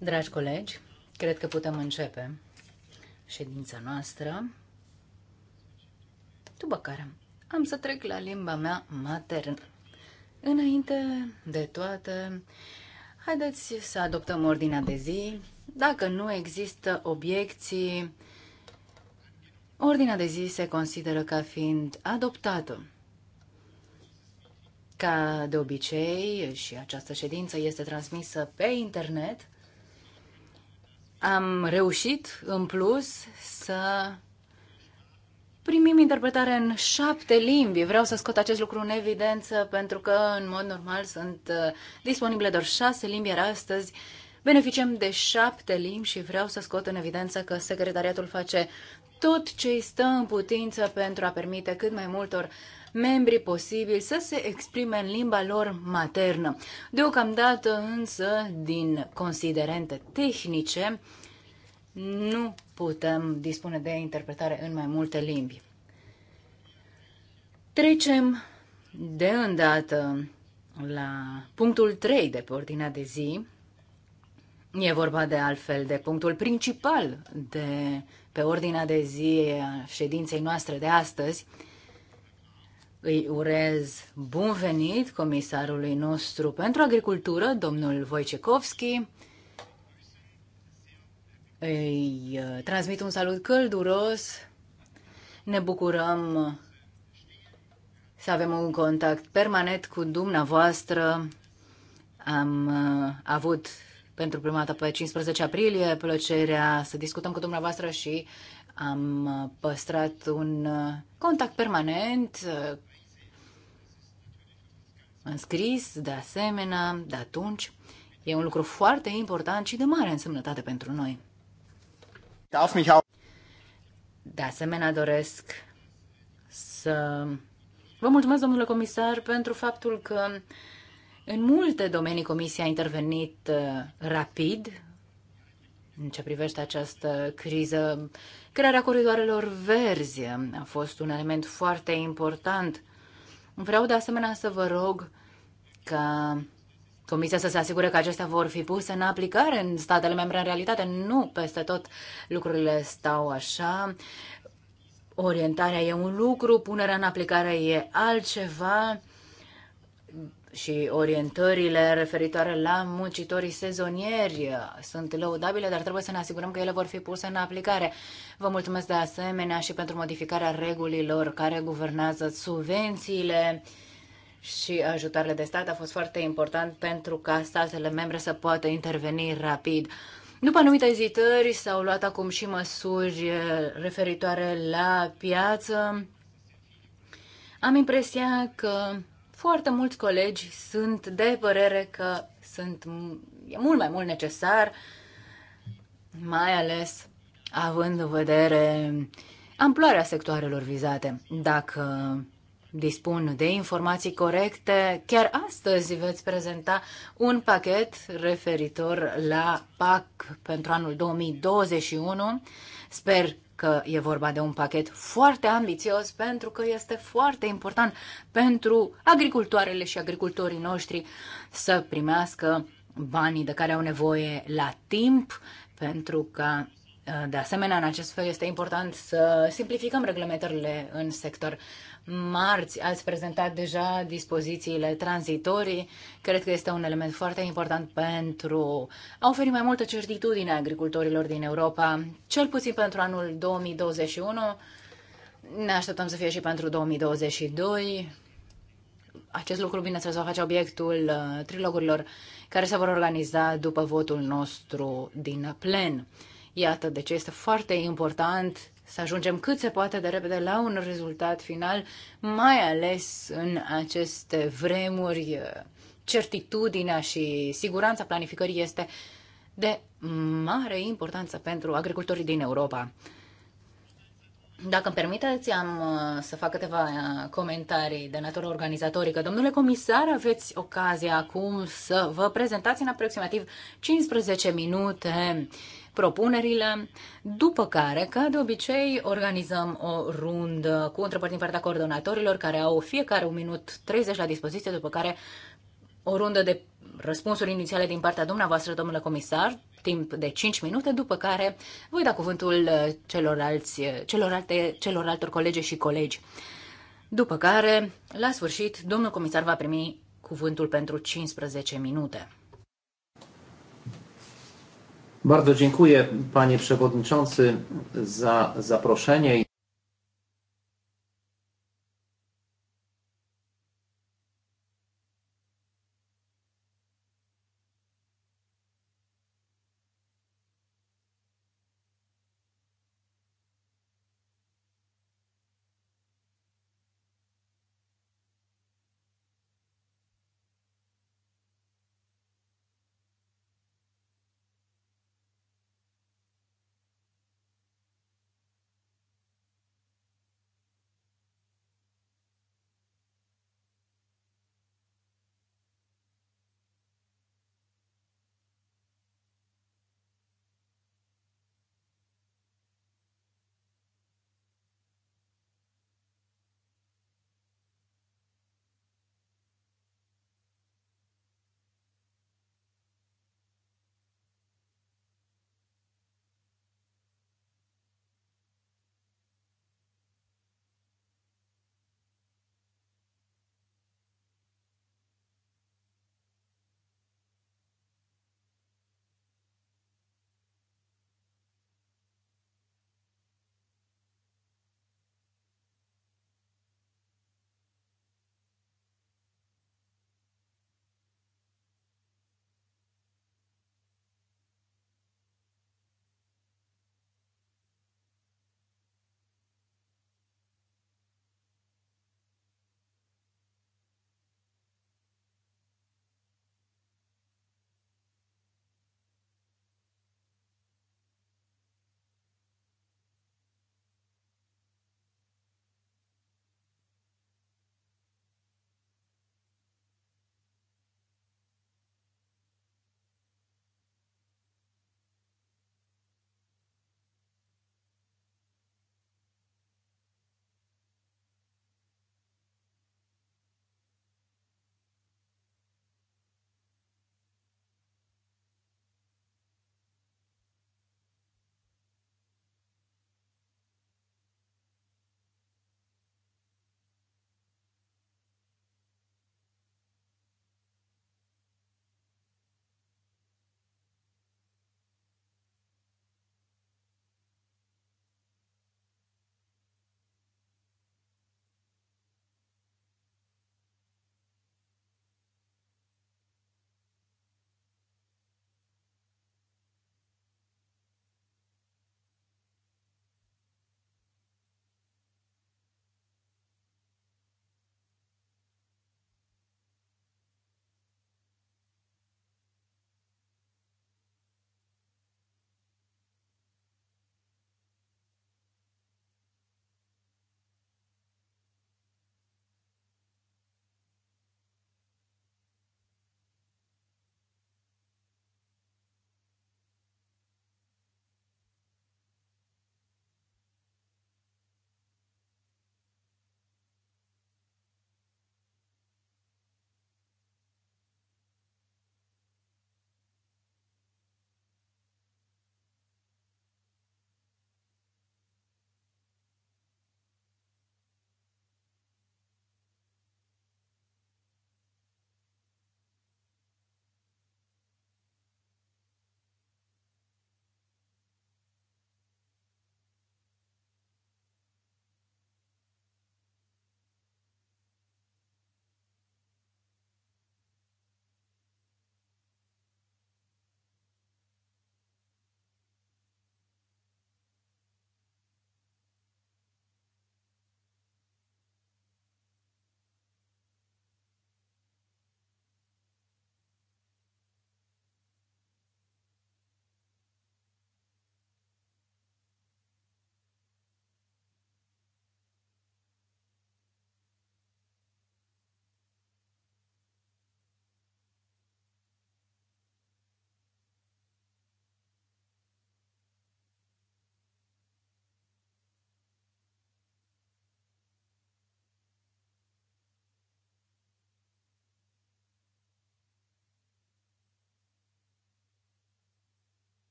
Dragi colegi, cred că putem începe ședința noastră, după care am să trec la limba mea maternă. Înainte de toate, haideți să adoptăm ordinea de zi. Dacă nu există obiecții, ordinea de zi se consideră ca fiind adoptată. Ca de obicei, și această ședință este transmisă pe internet, am reușit, în plus, să primim interpretare în șapte limbi. Vreau să scot acest lucru în evidență pentru că, în mod normal, sunt uh, disponibile doar șase limbi, iar astăzi beneficiem de șapte limbi și vreau să scot în evidență că secretariatul face tot ce i stă în putință pentru a permite cât mai multor membri posibili să se exprime în limba lor maternă. Deocamdată însă, din considerente tehnice, nu putem dispune de interpretare în mai multe limbi. Trecem de îndată la punctul 3 de pe ordinea de zi. E vorba de altfel de punctul principal de pe ordinea de zi a ședinței noastre de astăzi, îi urez bun venit comisarului nostru pentru agricultură, domnul Wojciechowski. Îi uh, transmit un salut călduros. Ne bucurăm să avem un contact permanent cu dumneavoastră. Am uh, avut pentru prima dată pe 15 aprilie plăcerea să discutăm cu dumneavoastră și am uh, păstrat un contact permanent scris, de asemenea, de atunci. E un lucru foarte important și de mare însemnătate pentru noi. De asemenea, doresc să vă mulțumesc, domnule comisar, pentru faptul că în multe domenii Comisia a intervenit uh, rapid în ce privește această criză. Crearea coridoarelor verzi a fost un element foarte important Vreau de asemenea să vă rog ca Comisia să se asigure că acestea vor fi puse în aplicare în statele membre. În realitate, nu peste tot lucrurile stau așa. Orientarea e un lucru, punerea în aplicare e altceva și orientările referitoare la muncitorii sezonieri sunt lăudabile, dar trebuie să ne asigurăm că ele vor fi puse în aplicare. Vă mulțumesc de asemenea și pentru modificarea regulilor care guvernează subvențiile și ajutarele de stat. A fost foarte important pentru ca statele membre să poată interveni rapid. După anumite ezitări s-au luat acum și măsuri referitoare la piață. Am impresia că foarte mulți colegi sunt de părere că sunt, e mult mai mult necesar, mai ales având în vedere amploarea sectoarelor vizate. Dacă dispun de informații corecte, chiar astăzi veți prezenta un pachet referitor la PAC pentru anul 2021. Sper că e vorba de un pachet foarte ambițios pentru că este foarte important pentru agricultoarele și agricultorii noștri să primească banii de care au nevoie la timp pentru că de asemenea, în acest fel este important să simplificăm reglementările în sector. Marți ați prezentat deja dispozițiile tranzitorii. Cred că este un element foarte important pentru a oferi mai multă certitudine agricultorilor din Europa, cel puțin pentru anul 2021. Ne așteptăm să fie și pentru 2022. Acest lucru, bineînțeles, va face obiectul uh, trilogurilor care se vor organiza după votul nostru din plen. Iată de ce este foarte important să ajungem cât se poate de repede la un rezultat final, mai ales în aceste vremuri. Certitudinea și siguranța planificării este de mare importanță pentru agricultorii din Europa. Dacă îmi permiteți, am uh, să fac câteva uh, comentarii de natură organizatorică. Domnule comisar, aveți ocazia acum să vă prezentați în aproximativ 15 minute uh, propunerile, după care, ca de obicei, organizăm o rundă cu întrebări din partea coordonatorilor, care au fiecare un minut 30 la dispoziție, după care o rundă de răspunsuri inițiale din partea dumneavoastră, domnule comisar, timp de 5 minute, după care voi da cuvântul uh, celorlalți, uh, celorlalte, celorlaltor colege și colegi. După care, la sfârșit, domnul comisar va primi cuvântul pentru 15 minute. Bardzo dziękuję, panie przewodniczący, za zaproszenie.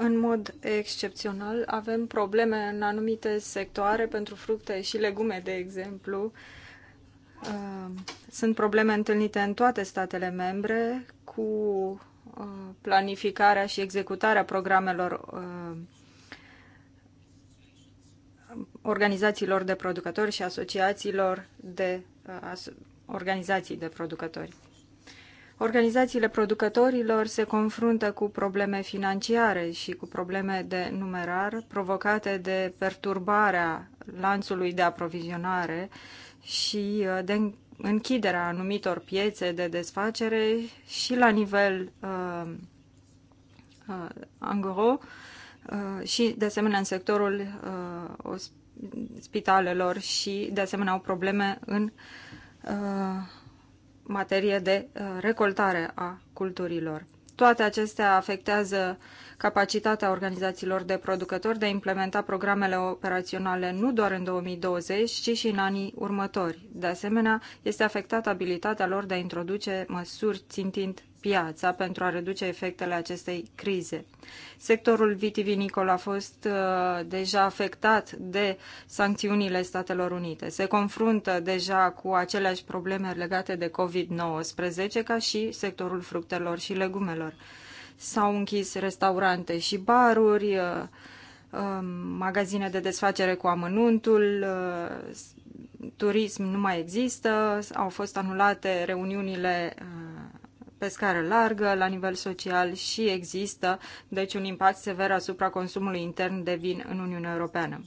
În mod excepțional, avem probleme în anumite sectoare, pentru fructe și legume, de exemplu. Uh, sunt probleme întâlnite în toate statele membre cu uh, planificarea și executarea programelor uh, organizațiilor de producători și asociațiilor de organizații de producători. Organizațiile producătorilor se confruntă cu probleme financiare și cu probleme de numerar provocate de perturbarea lanțului de aprovizionare și uh, de închiderea anumitor piețe de desfacere și la nivel uh, uh, angro uh, și de asemenea în sectorul uh, spitalelor și de asemenea au probleme în uh, materie de uh, recoltare a culturilor. Toate acestea afectează capacitatea organizațiilor de producători de a implementa programele operaționale nu doar în 2020, ci și în anii următori. De asemenea, este afectată abilitatea lor de a introduce măsuri țintind piața pentru a reduce efectele acestei crize. Sectorul vitivinicol a fost uh, deja afectat de sancțiunile Statelor Unite. Se confruntă deja cu aceleași probleme legate de COVID-19 ca și sectorul fructelor și legumelor. S-au închis restaurante și baruri, uh, uh, magazine de desfacere cu amănuntul, uh, turism nu mai există, au fost anulate reuniunile uh, pe scară largă, la nivel social și există, deci, un impact sever asupra consumului intern de vin în Uniunea Europeană.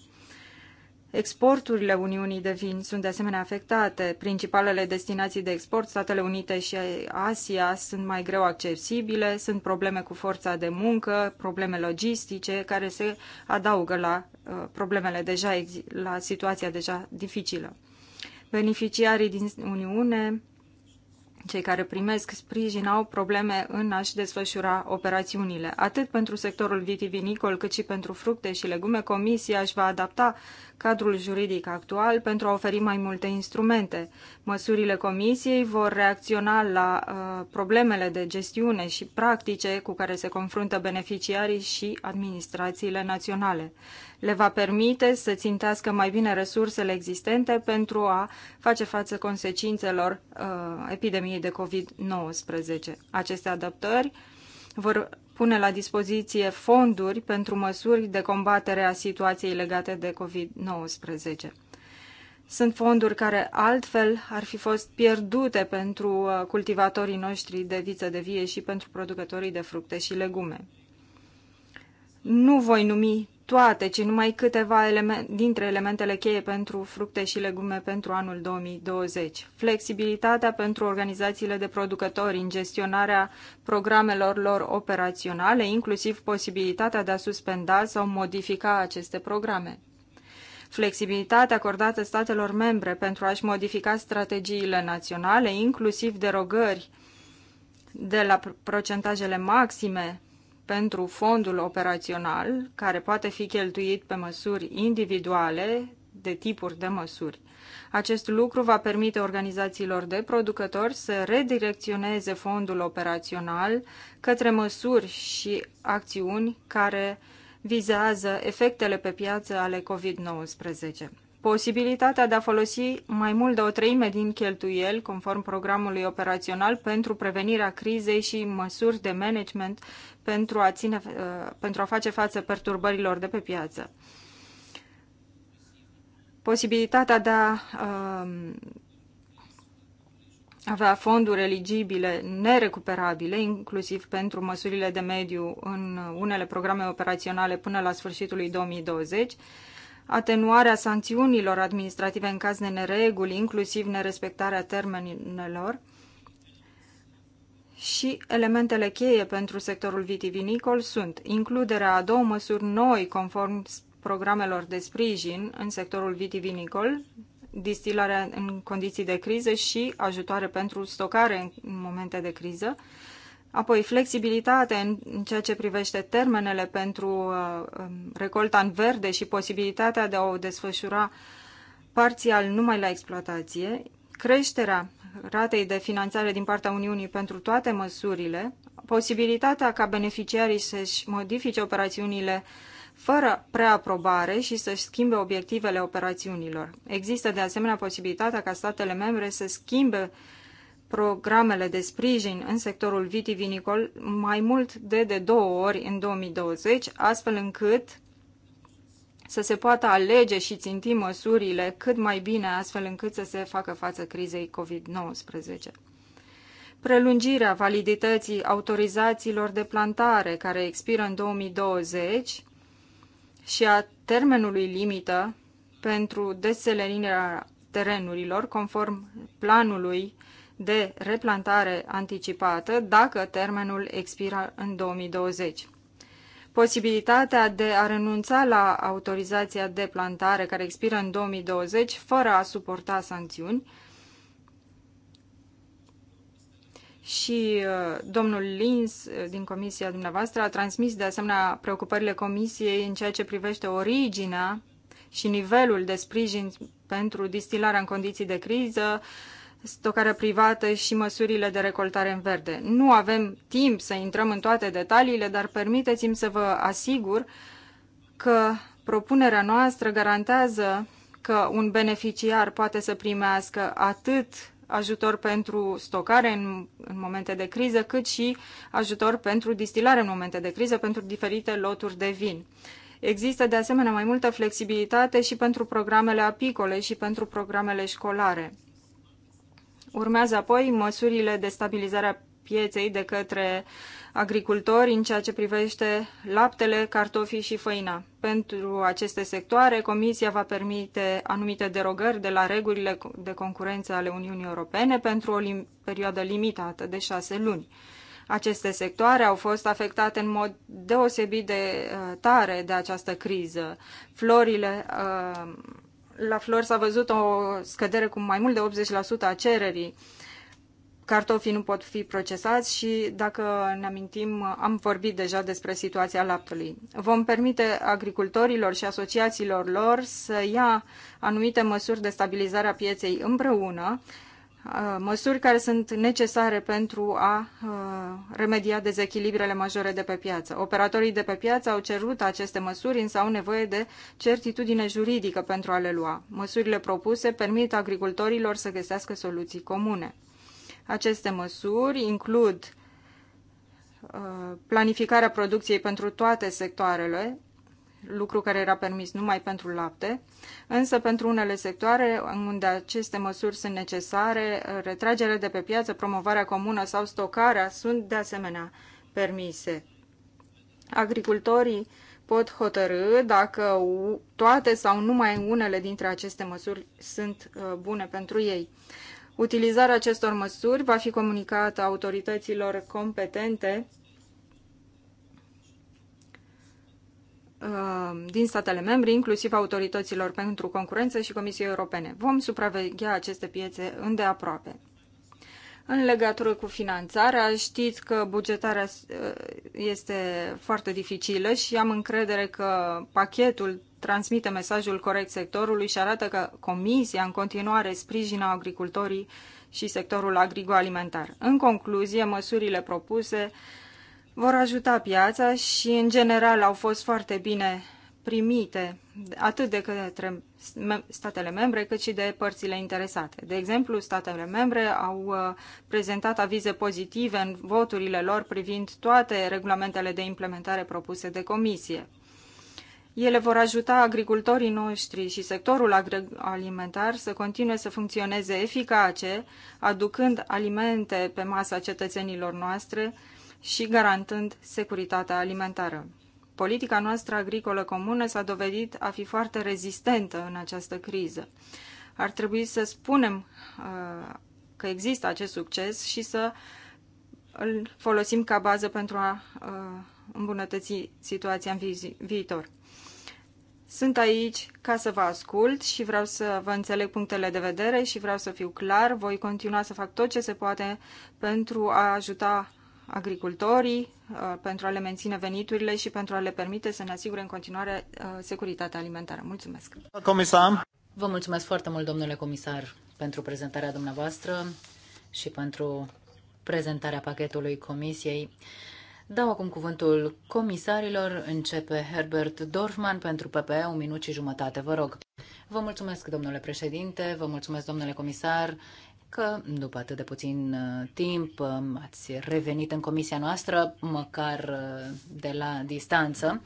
Exporturile Uniunii de vin sunt de asemenea afectate. Principalele destinații de export, Statele Unite și Asia, sunt mai greu accesibile, sunt probleme cu forța de muncă, probleme logistice care se adaugă la uh, problemele deja, la situația deja dificilă. Beneficiarii din Uniune cei care primesc sprijin au probleme în a-și desfășura operațiunile. Atât pentru sectorul vitivinicol, cât și pentru fructe și legume, Comisia își va adapta cadrul juridic actual pentru a oferi mai multe instrumente. Măsurile comisiei vor reacționa la uh, problemele de gestiune și practice cu care se confruntă beneficiarii și administrațiile naționale. Le va permite să țintească mai bine resursele existente pentru a face față consecințelor uh, epidemiei de COVID-19. Aceste adaptări vor pune la dispoziție fonduri pentru măsuri de combatere a situației legate de COVID-19. Sunt fonduri care altfel ar fi fost pierdute pentru uh, cultivatorii noștri de viță de vie și pentru producătorii de fructe și legume. Nu voi numi toate, ci numai câteva element, dintre elementele cheie pentru fructe și legume pentru anul 2020. Flexibilitatea pentru organizațiile de producători în gestionarea programelor lor operaționale, inclusiv posibilitatea de a suspenda sau modifica aceste programe. Flexibilitatea acordată statelor membre pentru a-și modifica strategiile naționale, inclusiv derogări de la procentajele maxime pentru fondul operațional, care poate fi cheltuit pe măsuri individuale, de tipuri de măsuri. Acest lucru va permite organizațiilor de producători să redirecționeze fondul operațional către măsuri și acțiuni care vizează efectele pe piață ale COVID-19. Posibilitatea de a folosi mai mult de o treime din cheltuiel, conform programului operațional, pentru prevenirea crizei și măsuri de management pentru a, ține, uh, pentru a face față perturbărilor de pe piață. Posibilitatea de a um, avea fonduri eligibile nerecuperabile, inclusiv pentru măsurile de mediu în unele programe operaționale până la sfârșitul lui 2020, atenuarea sancțiunilor administrative în caz de nereguli, inclusiv nerespectarea termenelor, și elementele cheie pentru sectorul vitivinicol sunt includerea a două măsuri noi conform programelor de sprijin în sectorul vitivinicol, distilarea în condiții de criză și ajutoare pentru stocare în momente de criză, apoi flexibilitate în ceea ce privește termenele pentru uh, um, recolta în verde și posibilitatea de a o desfășura parțial numai la exploatație, creșterea ratei de finanțare din partea Uniunii pentru toate măsurile, posibilitatea ca beneficiarii să-și modifice operațiunile fără preaprobare și să-și schimbe obiectivele operațiunilor. Există de asemenea posibilitatea ca statele membre să schimbe programele de sprijin în sectorul vitivinicol mai mult de de două ori în 2020, astfel încât să se poată alege și ținti măsurile cât mai bine, astfel încât să se facă față crizei COVID-19 prelungirea validității autorizațiilor de plantare care expiră în 2020 și a termenului limită pentru deselenirea terenurilor conform planului de replantare anticipată dacă termenul expiră în 2020 posibilitatea de a renunța la autorizația de plantare care expiră în 2020 fără a suporta sancțiuni. Și uh, domnul Lins uh, din comisia dumneavoastră a transmis de asemenea preocupările comisiei în ceea ce privește originea și nivelul de sprijin pentru distilarea în condiții de criză, uh, stocarea privată și măsurile de recoltare în verde. Nu avem timp să intrăm în toate detaliile, dar permiteți-mi să vă asigur că propunerea noastră garantează că un beneficiar poate să primească atât ajutor pentru stocare în, în momente de criză, cât și ajutor pentru distilare în momente de criză pentru diferite loturi de vin. Există de asemenea mai multă flexibilitate și pentru programele apicole și pentru programele școlare. Urmează apoi măsurile de stabilizare a pieței de către agricultori în ceea ce privește laptele, cartofii și făina. Pentru aceste sectoare, Comisia va permite anumite derogări de la regulile de concurență ale Uniunii Europene pentru o lim perioadă limitată de șase luni. Aceste sectoare au fost afectate în mod deosebit de uh, tare de această criză. Florile uh, la flori s-a văzut o scădere cu mai mult de 80% a cererii. Cartofii nu pot fi procesați și, dacă ne amintim, am vorbit deja despre situația laptelui. Vom permite agricultorilor și asociațiilor lor să ia anumite măsuri de stabilizare a pieței împreună, Uh, măsuri care sunt necesare pentru a uh, remedia dezechilibrele majore de pe piață. Operatorii de pe piață au cerut aceste măsuri, însă au nevoie de certitudine juridică pentru a le lua. Măsurile propuse permit agricultorilor să găsească soluții comune. Aceste măsuri includ uh, planificarea producției pentru toate sectoarele, lucru care era permis numai pentru lapte, însă pentru unele sectoare unde aceste măsuri sunt necesare, retragerea de pe piață, promovarea comună sau stocarea sunt de asemenea permise. Agricultorii pot hotărâ dacă toate sau numai unele dintre aceste măsuri sunt uh, bune pentru ei. Utilizarea acestor măsuri va fi comunicată autorităților competente Uh, din statele membre, inclusiv autorităților pentru concurență și Comisiei Europene. Vom supraveghea aceste piețe îndeaproape. În legătură cu finanțarea, știți că bugetarea uh, este foarte dificilă și am încredere că pachetul transmite mesajul corect sectorului și arată că Comisia în continuare sprijină agricultorii și sectorul agroalimentar. În concluzie, măsurile propuse uh, vor ajuta piața și, în general, au fost foarte bine primite atât de către statele membre, cât și de părțile interesate. De exemplu, statele membre au uh, prezentat avize pozitive în voturile lor privind toate regulamentele de implementare propuse de comisie. Ele vor ajuta agricultorii noștri și sectorul alimentar să continue să funcționeze eficace, aducând alimente pe masa cetățenilor noastre, și garantând securitatea alimentară. Politica noastră agricolă comună s-a dovedit a fi foarte rezistentă în această criză. Ar trebui să spunem uh, că există acest succes și să îl folosim ca bază pentru a uh, îmbunătăți situația în vi viitor. Sunt aici ca să vă ascult și vreau să vă înțeleg punctele de vedere și vreau să fiu clar. Voi continua să fac tot ce se poate pentru a ajuta agricultorii uh, pentru a le menține veniturile și pentru a le permite să ne asigure în continuare uh, securitatea alimentară. Mulțumesc! Comisar! Vă mulțumesc foarte mult, domnule comisar, pentru prezentarea dumneavoastră și pentru prezentarea pachetului Comisiei. Dau acum cuvântul comisarilor. Începe Herbert Dorfman pentru PPE, un minut și jumătate, vă rog. Vă mulțumesc, domnule președinte, vă mulțumesc, domnule comisar că după atât de puțin uh, timp um, ați revenit în comisia noastră, măcar uh, de la distanță.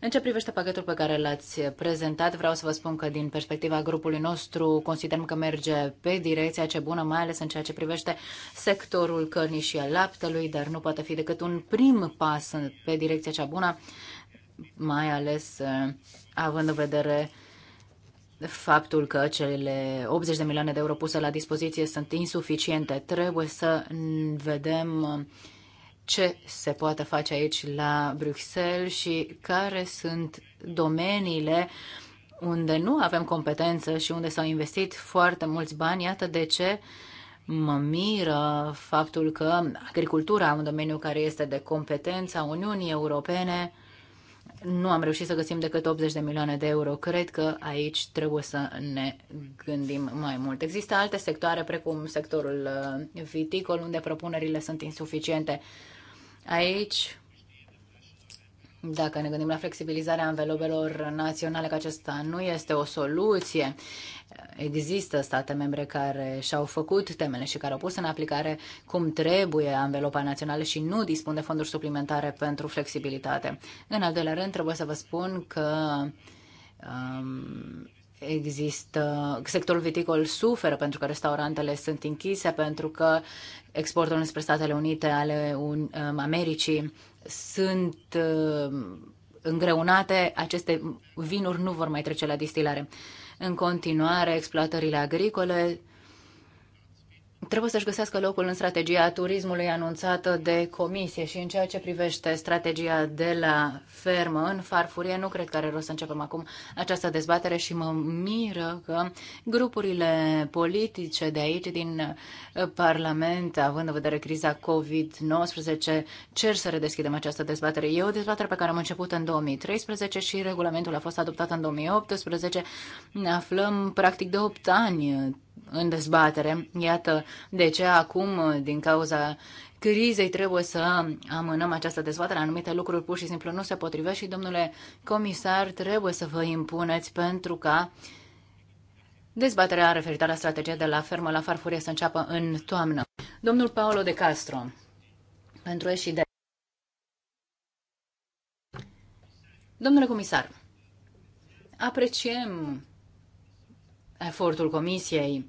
În ce privește pachetul pe care l-ați prezentat, vreau să vă spun că din perspectiva grupului nostru considerăm că merge pe direcția ce bună, mai ales în ceea ce privește sectorul cărnii și al laptelui, dar nu poate fi decât un prim pas pe direcția cea bună, mai ales uh, având în vedere uh, faptul că cele 80 de milioane de euro puse la dispoziție sunt insuficiente. Trebuie să vedem uh, ce se poate face aici la Bruxelles și care sunt domeniile unde nu avem competență și unde s-au investit foarte mulți bani. Iată de ce mă miră faptul că agricultura, un domeniu care este de competența Uniunii Europene, nu am reușit să găsim decât 80 de milioane de euro. Cred că aici trebuie să ne gândim mai mult. Există alte sectoare, precum sectorul uh, viticol, unde propunerile sunt insuficiente. Aici dacă ne gândim la flexibilizarea anvelopelor naționale, că acesta nu este o soluție, există state membre care și-au făcut temele și care au pus în aplicare cum trebuie anvelopa națională și nu dispun de fonduri suplimentare pentru flexibilitate. În al doilea rând, trebuie să vă spun că um, există, sectorul viticol suferă pentru că restaurantele sunt închise, pentru că exportul spre Statele Unite ale un, um, Americii sunt uh, îngreunate, aceste vinuri nu vor mai trece la distilare. În continuare, exploatările agricole trebuie să-și găsească locul în strategia turismului anunțată de comisie și în ceea ce privește strategia de la fermă în farfurie, nu cred că are rost să începem acum această dezbatere și mă miră că grupurile politice de aici, din uh, Parlament, având în vedere criza COVID-19, cer să redeschidem această dezbatere. E o dezbatere pe care am început în 2013 și regulamentul a fost adoptat în 2018. Ne aflăm practic de 8 ani în dezbatere. Iată de ce acum, din cauza crizei, trebuie să amânăm această dezbatere. Anumite lucruri pur și simplu nu se potrivesc și, domnule comisar, trebuie să vă impuneți pentru ca dezbaterea referitoare la strategia de la fermă la farfurie să înceapă în toamnă. Domnul Paolo de Castro, pentru și de. Domnule comisar, apreciem efortul Comisiei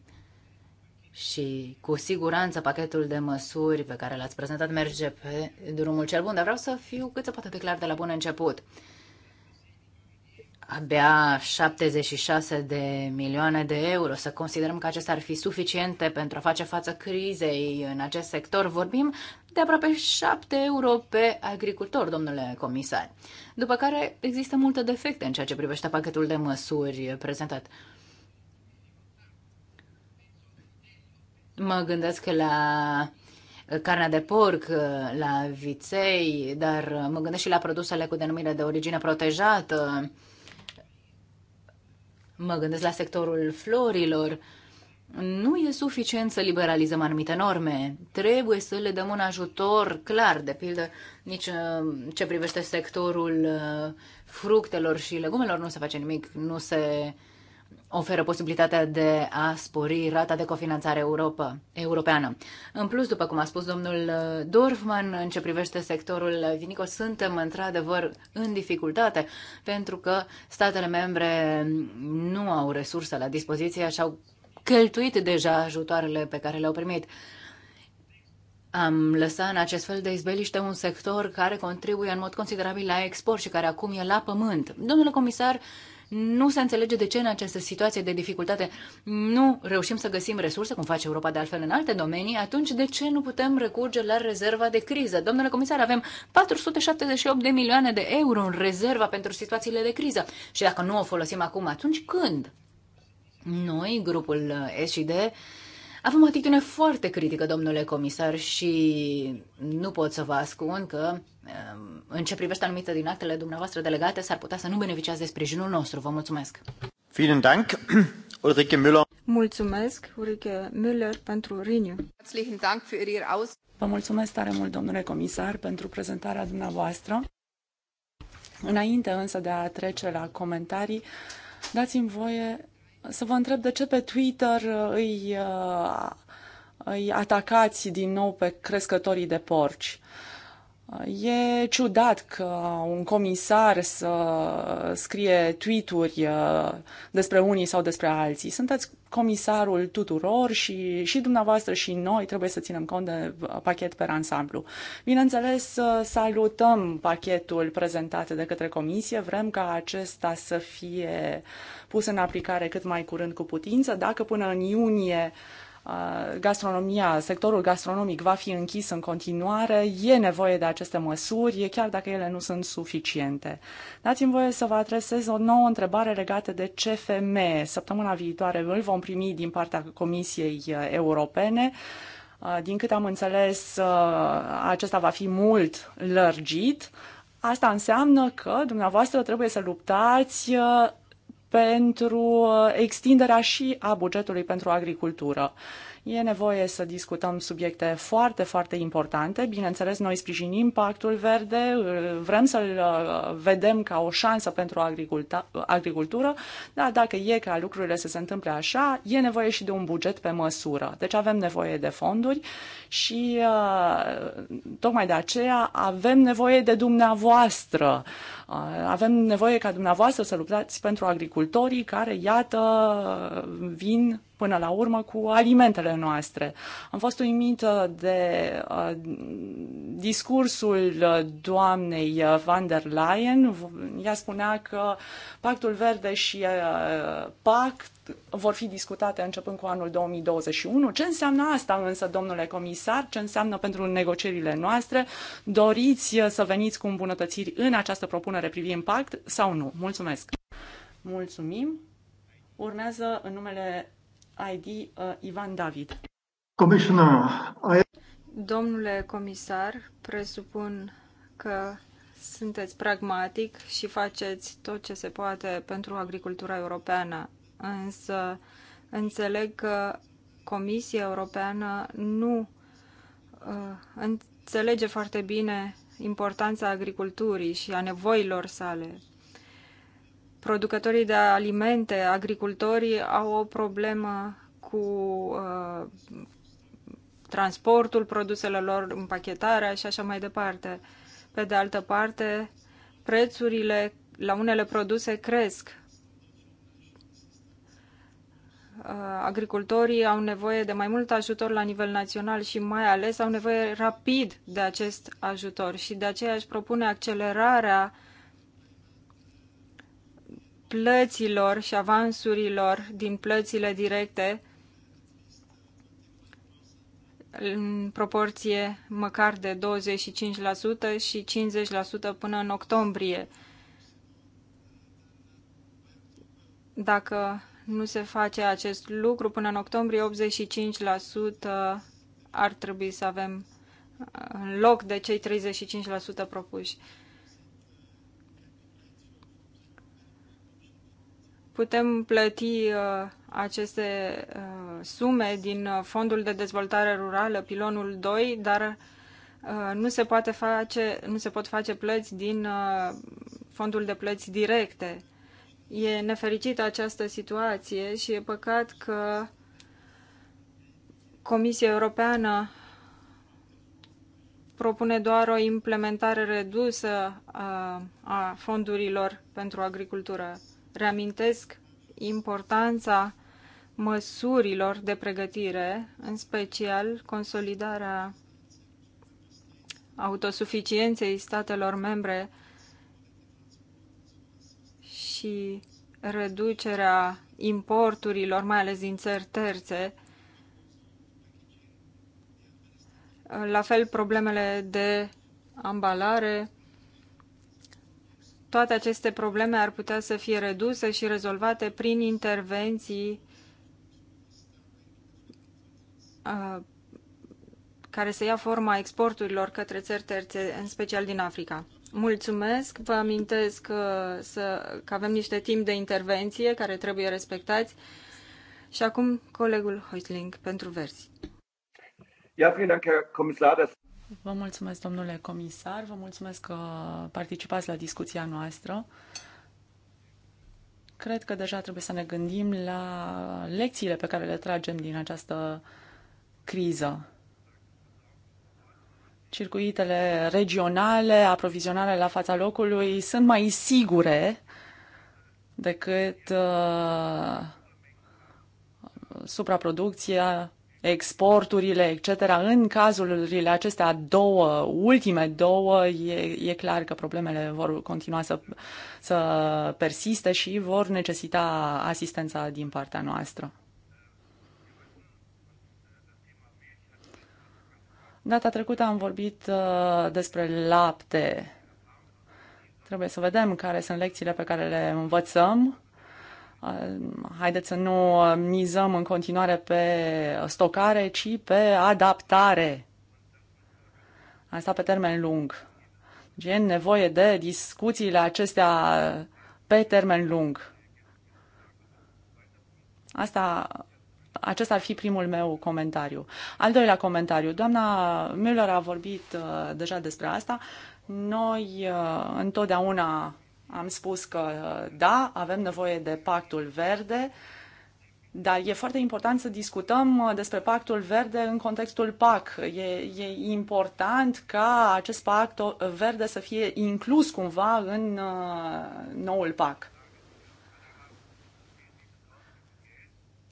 și cu siguranță pachetul de măsuri pe care l-ați prezentat merge pe drumul cel bun, dar vreau să fiu cât se poate de clar de la bun început. Abia 76 de milioane de euro, să considerăm că acestea ar fi suficiente pentru a face față crizei în acest sector, vorbim de aproape 7 euro pe agricultor, domnule comisar. După care există multe defecte în ceea ce privește pachetul de măsuri prezentat. Mă gândesc la carnea de porc, la viței, dar mă gândesc și la produsele cu denumire de origine protejată. Mă gândesc la sectorul florilor. Nu e suficient să liberalizăm anumite norme. Trebuie să le dăm un ajutor clar, de pildă, nici uh, ce privește sectorul uh, fructelor și legumelor nu se face nimic, nu se oferă posibilitatea de a spori rata de cofinanțare Europa, europeană. În plus, după cum a spus domnul Dorfman, în ce privește sectorul vinicol, suntem într-adevăr în dificultate pentru că statele membre nu au resurse la dispoziție și au cheltuit deja ajutoarele pe care le-au primit. Am lăsat în acest fel de izbeliște un sector care contribuie în mod considerabil la export și care acum e la pământ. Domnule comisar, nu se înțelege de ce în această situație de dificultate nu reușim să găsim resurse, cum face Europa de altfel în alte domenii, atunci de ce nu putem recurge la rezerva de criză? Domnule comisar, avem 478 de milioane de euro în rezerva pentru situațiile de criză și dacă nu o folosim acum, atunci când? Noi, grupul SID, avem o atitudine foarte critică, domnule comisar, și nu pot să vă ascund că um, în ce privește anumite din actele dumneavoastră delegate s-ar putea să nu beneficiați de sprijinul nostru. Vă mulțumesc! Vielen Dank, Ulrike Müller. Mulțumesc, Ulrike Müller, pentru Riniu. Herzlichen Dank für Ihr Aus. Vă mulțumesc tare mult, domnule comisar, pentru prezentarea dumneavoastră. Înainte însă de a trece la comentarii, dați-mi voie să vă întreb de ce pe Twitter uh, îi, uh, îi atacați din nou pe crescătorii de porci. Uh, E ciudat că un comisar să scrie tweet-uri uh, despre unii sau despre alții. Sunteți comisarul tuturor și, și dumneavoastră și noi trebuie să ținem cont de uh, pachet pe ansamblu. Bineînțeles, uh, salutăm pachetul prezentat de către comisie, vrem ca acesta să fie pus în aplicare cât mai curând cu putință. Dacă până în iunie Uh, gastronomia, sectorul gastronomic va fi închis în continuare, e nevoie de aceste măsuri, chiar dacă ele nu sunt suficiente. Dați-mi voie să vă adresez o nouă întrebare legată de CFM. Săptămâna viitoare îl vom primi din partea Comisiei uh, Europene. Uh, din câte am înțeles, acesta va fi mult lărgit. Asta înseamnă că dumneavoastră trebuie să luptați pentru uh, extinderea și a bugetului pentru agricultură. E nevoie să discutăm subiecte foarte, foarte importante. Bineînțeles, noi sprijinim pactul verde, vrem să-l uh, vedem ca o șansă pentru agricultură, dar dacă e ca lucrurile să se întâmple așa, e nevoie și de un buget pe măsură. Deci avem nevoie de fonduri și uh, tocmai de aceea avem nevoie de dumneavoastră. Uh, avem nevoie ca dumneavoastră să luptați pentru agricultorii care, iată, vin până la urmă cu alimentele noastre. Am fost uimită de uh, discursul uh, doamnei uh, van der Leyen. Ea spunea că Pactul Verde și uh, Pact vor fi discutate începând cu anul 2021. Ce înseamnă asta însă, domnule comisar? Ce înseamnă pentru negocierile noastre? Doriți uh, să veniți cu îmbunătățiri în această propunere privind pact sau nu? Mulțumesc! Mulțumim! Urmează în numele ID uh, Ivan David. Commissioner, I... Domnule comisar, presupun că sunteți pragmatic și faceți tot ce se poate pentru agricultura europeană, însă înțeleg că Comisia Europeană nu uh, înțelege foarte bine importanța agriculturii și a nevoilor sale producătorii de alimente, agricultorii au o problemă cu uh, transportul produselor lor, împachetarea și așa mai departe. Pe de altă parte, prețurile la unele produse cresc. Uh, agricultorii au nevoie de mai mult ajutor la nivel național și mai ales au nevoie rapid de acest ajutor și de aceea își propune accelerarea uh, plăților și avansurilor din plățile directe în proporție măcar de 25% și 50% până în octombrie. Dacă nu se face acest lucru până în octombrie, 85% ar trebui să avem uh, în loc de cei 35% propuși. putem plăti uh, aceste uh, sume din uh, Fondul de Dezvoltare Rurală, pilonul 2, dar nu se, poate face, nu se pot face plăți din fondul de plăți directe. E nefericită această situație și e păcat că Comisia Europeană propune doar o implementare redusă a, a fondurilor pentru agricultură reamintesc importanța măsurilor de pregătire, în special consolidarea autosuficienței statelor membre și reducerea importurilor, mai ales din țări terțe, la fel problemele de ambalare toate aceste probleme ar putea să fie reduse și rezolvate prin intervenții uh, care să ia forma exporturilor către țări terțe, în special din Africa. Mulțumesc, vă amintesc că, uh, să, că avem niște timp de intervenție care trebuie respectați. Și acum colegul Hoisling pentru versi. Ja, vielen Dank, Herr Kommissar. Das Vă mulțumesc, domnule comisar, vă mulțumesc că participați la discuția noastră. Cred că deja trebuie să ne gândim la lecțiile pe care le tragem din această criză. Circuitele regionale, aprovizionarea la fața locului sunt mai sigure decât uh, supraproducția exporturile, etc. În cazurile acestea două, ultime două, e, e clar că problemele vor continua să, să persiste și vor necesita asistența din partea noastră. Data trecută am vorbit uh, despre lapte. Trebuie să vedem care sunt lecțiile pe care le învățăm Uh, haideți să nu uh, mizăm în continuare pe stocare, ci pe adaptare. Asta pe termen lung. Deci e nevoie de discuțiile acestea pe termen lung. Asta, acesta ar fi primul meu comentariu. Al doilea comentariu. Doamna Müller a vorbit uh, deja despre asta. Noi întotdeauna am spus că da, avem nevoie de pactul verde, dar e foarte important să discutăm uh, despre pactul verde în contextul PAC. E, e important ca acest pact uh, verde să fie inclus cumva în uh, noul PAC.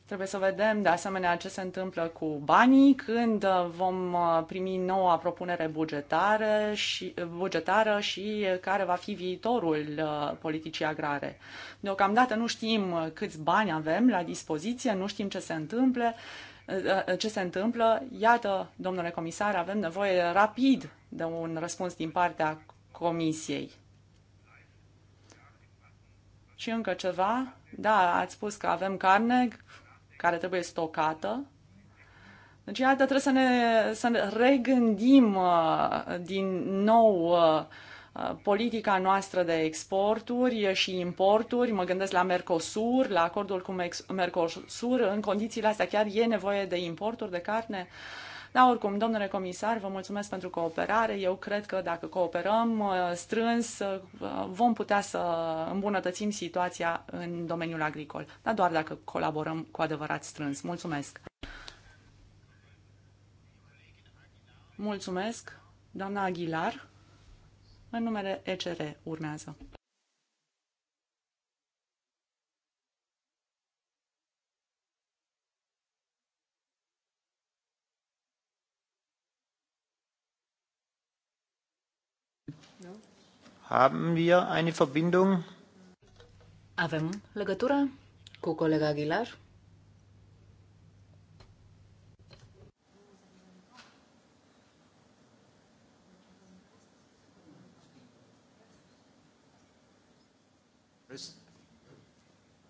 Trebuie să vedem, de asemenea, ce se întâmplă cu banii când uh, vom uh, primi noua propunere bugetară și, uh, bugetară și care va fi viitorul politicii agrare. Deocamdată nu știm câți bani avem la dispoziție, nu știm ce se întâmplă. Ce se întâmplă? Iată, domnule comisar, avem nevoie rapid de un răspuns din partea Comisiei. Și încă ceva. Da, ați spus că avem carne, care trebuie stocată. Deci, iată, trebuie să ne, să ne regândim uh, din nou uh, uh, politica noastră de exporturi și importuri, mă gândesc la Mercosur, la acordul cu Mercosur, în condițiile astea chiar e nevoie de importuri de carne dar oricum, domnule comisar, vă mulțumesc pentru cooperare. Eu cred că dacă cooperăm uh, strâns, uh, vom putea să îmbunătățim situația în domeniul agricol, dar doar dacă colaborăm cu adevărat strâns. Mulțumesc! Mulțumesc, doamna Aguilar. În numele ECR urmează. Haben wir eine Verbindung? Avem legătură cu colega Aguilar?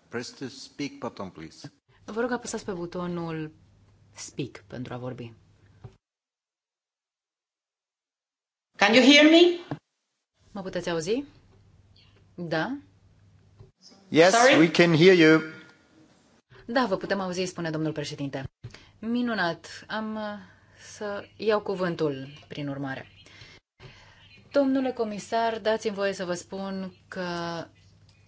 Press, the speak button, please. Vă rog apăsați pe butonul speak pentru a vorbi. Can you hear me? Mă puteți auzi? Da? Yes, Sorry? we can hear you. Da, vă putem auzi, spune domnul președinte. Minunat. Am uh, să iau cuvântul, prin urmare. Domnule comisar, dați-mi voie să vă spun că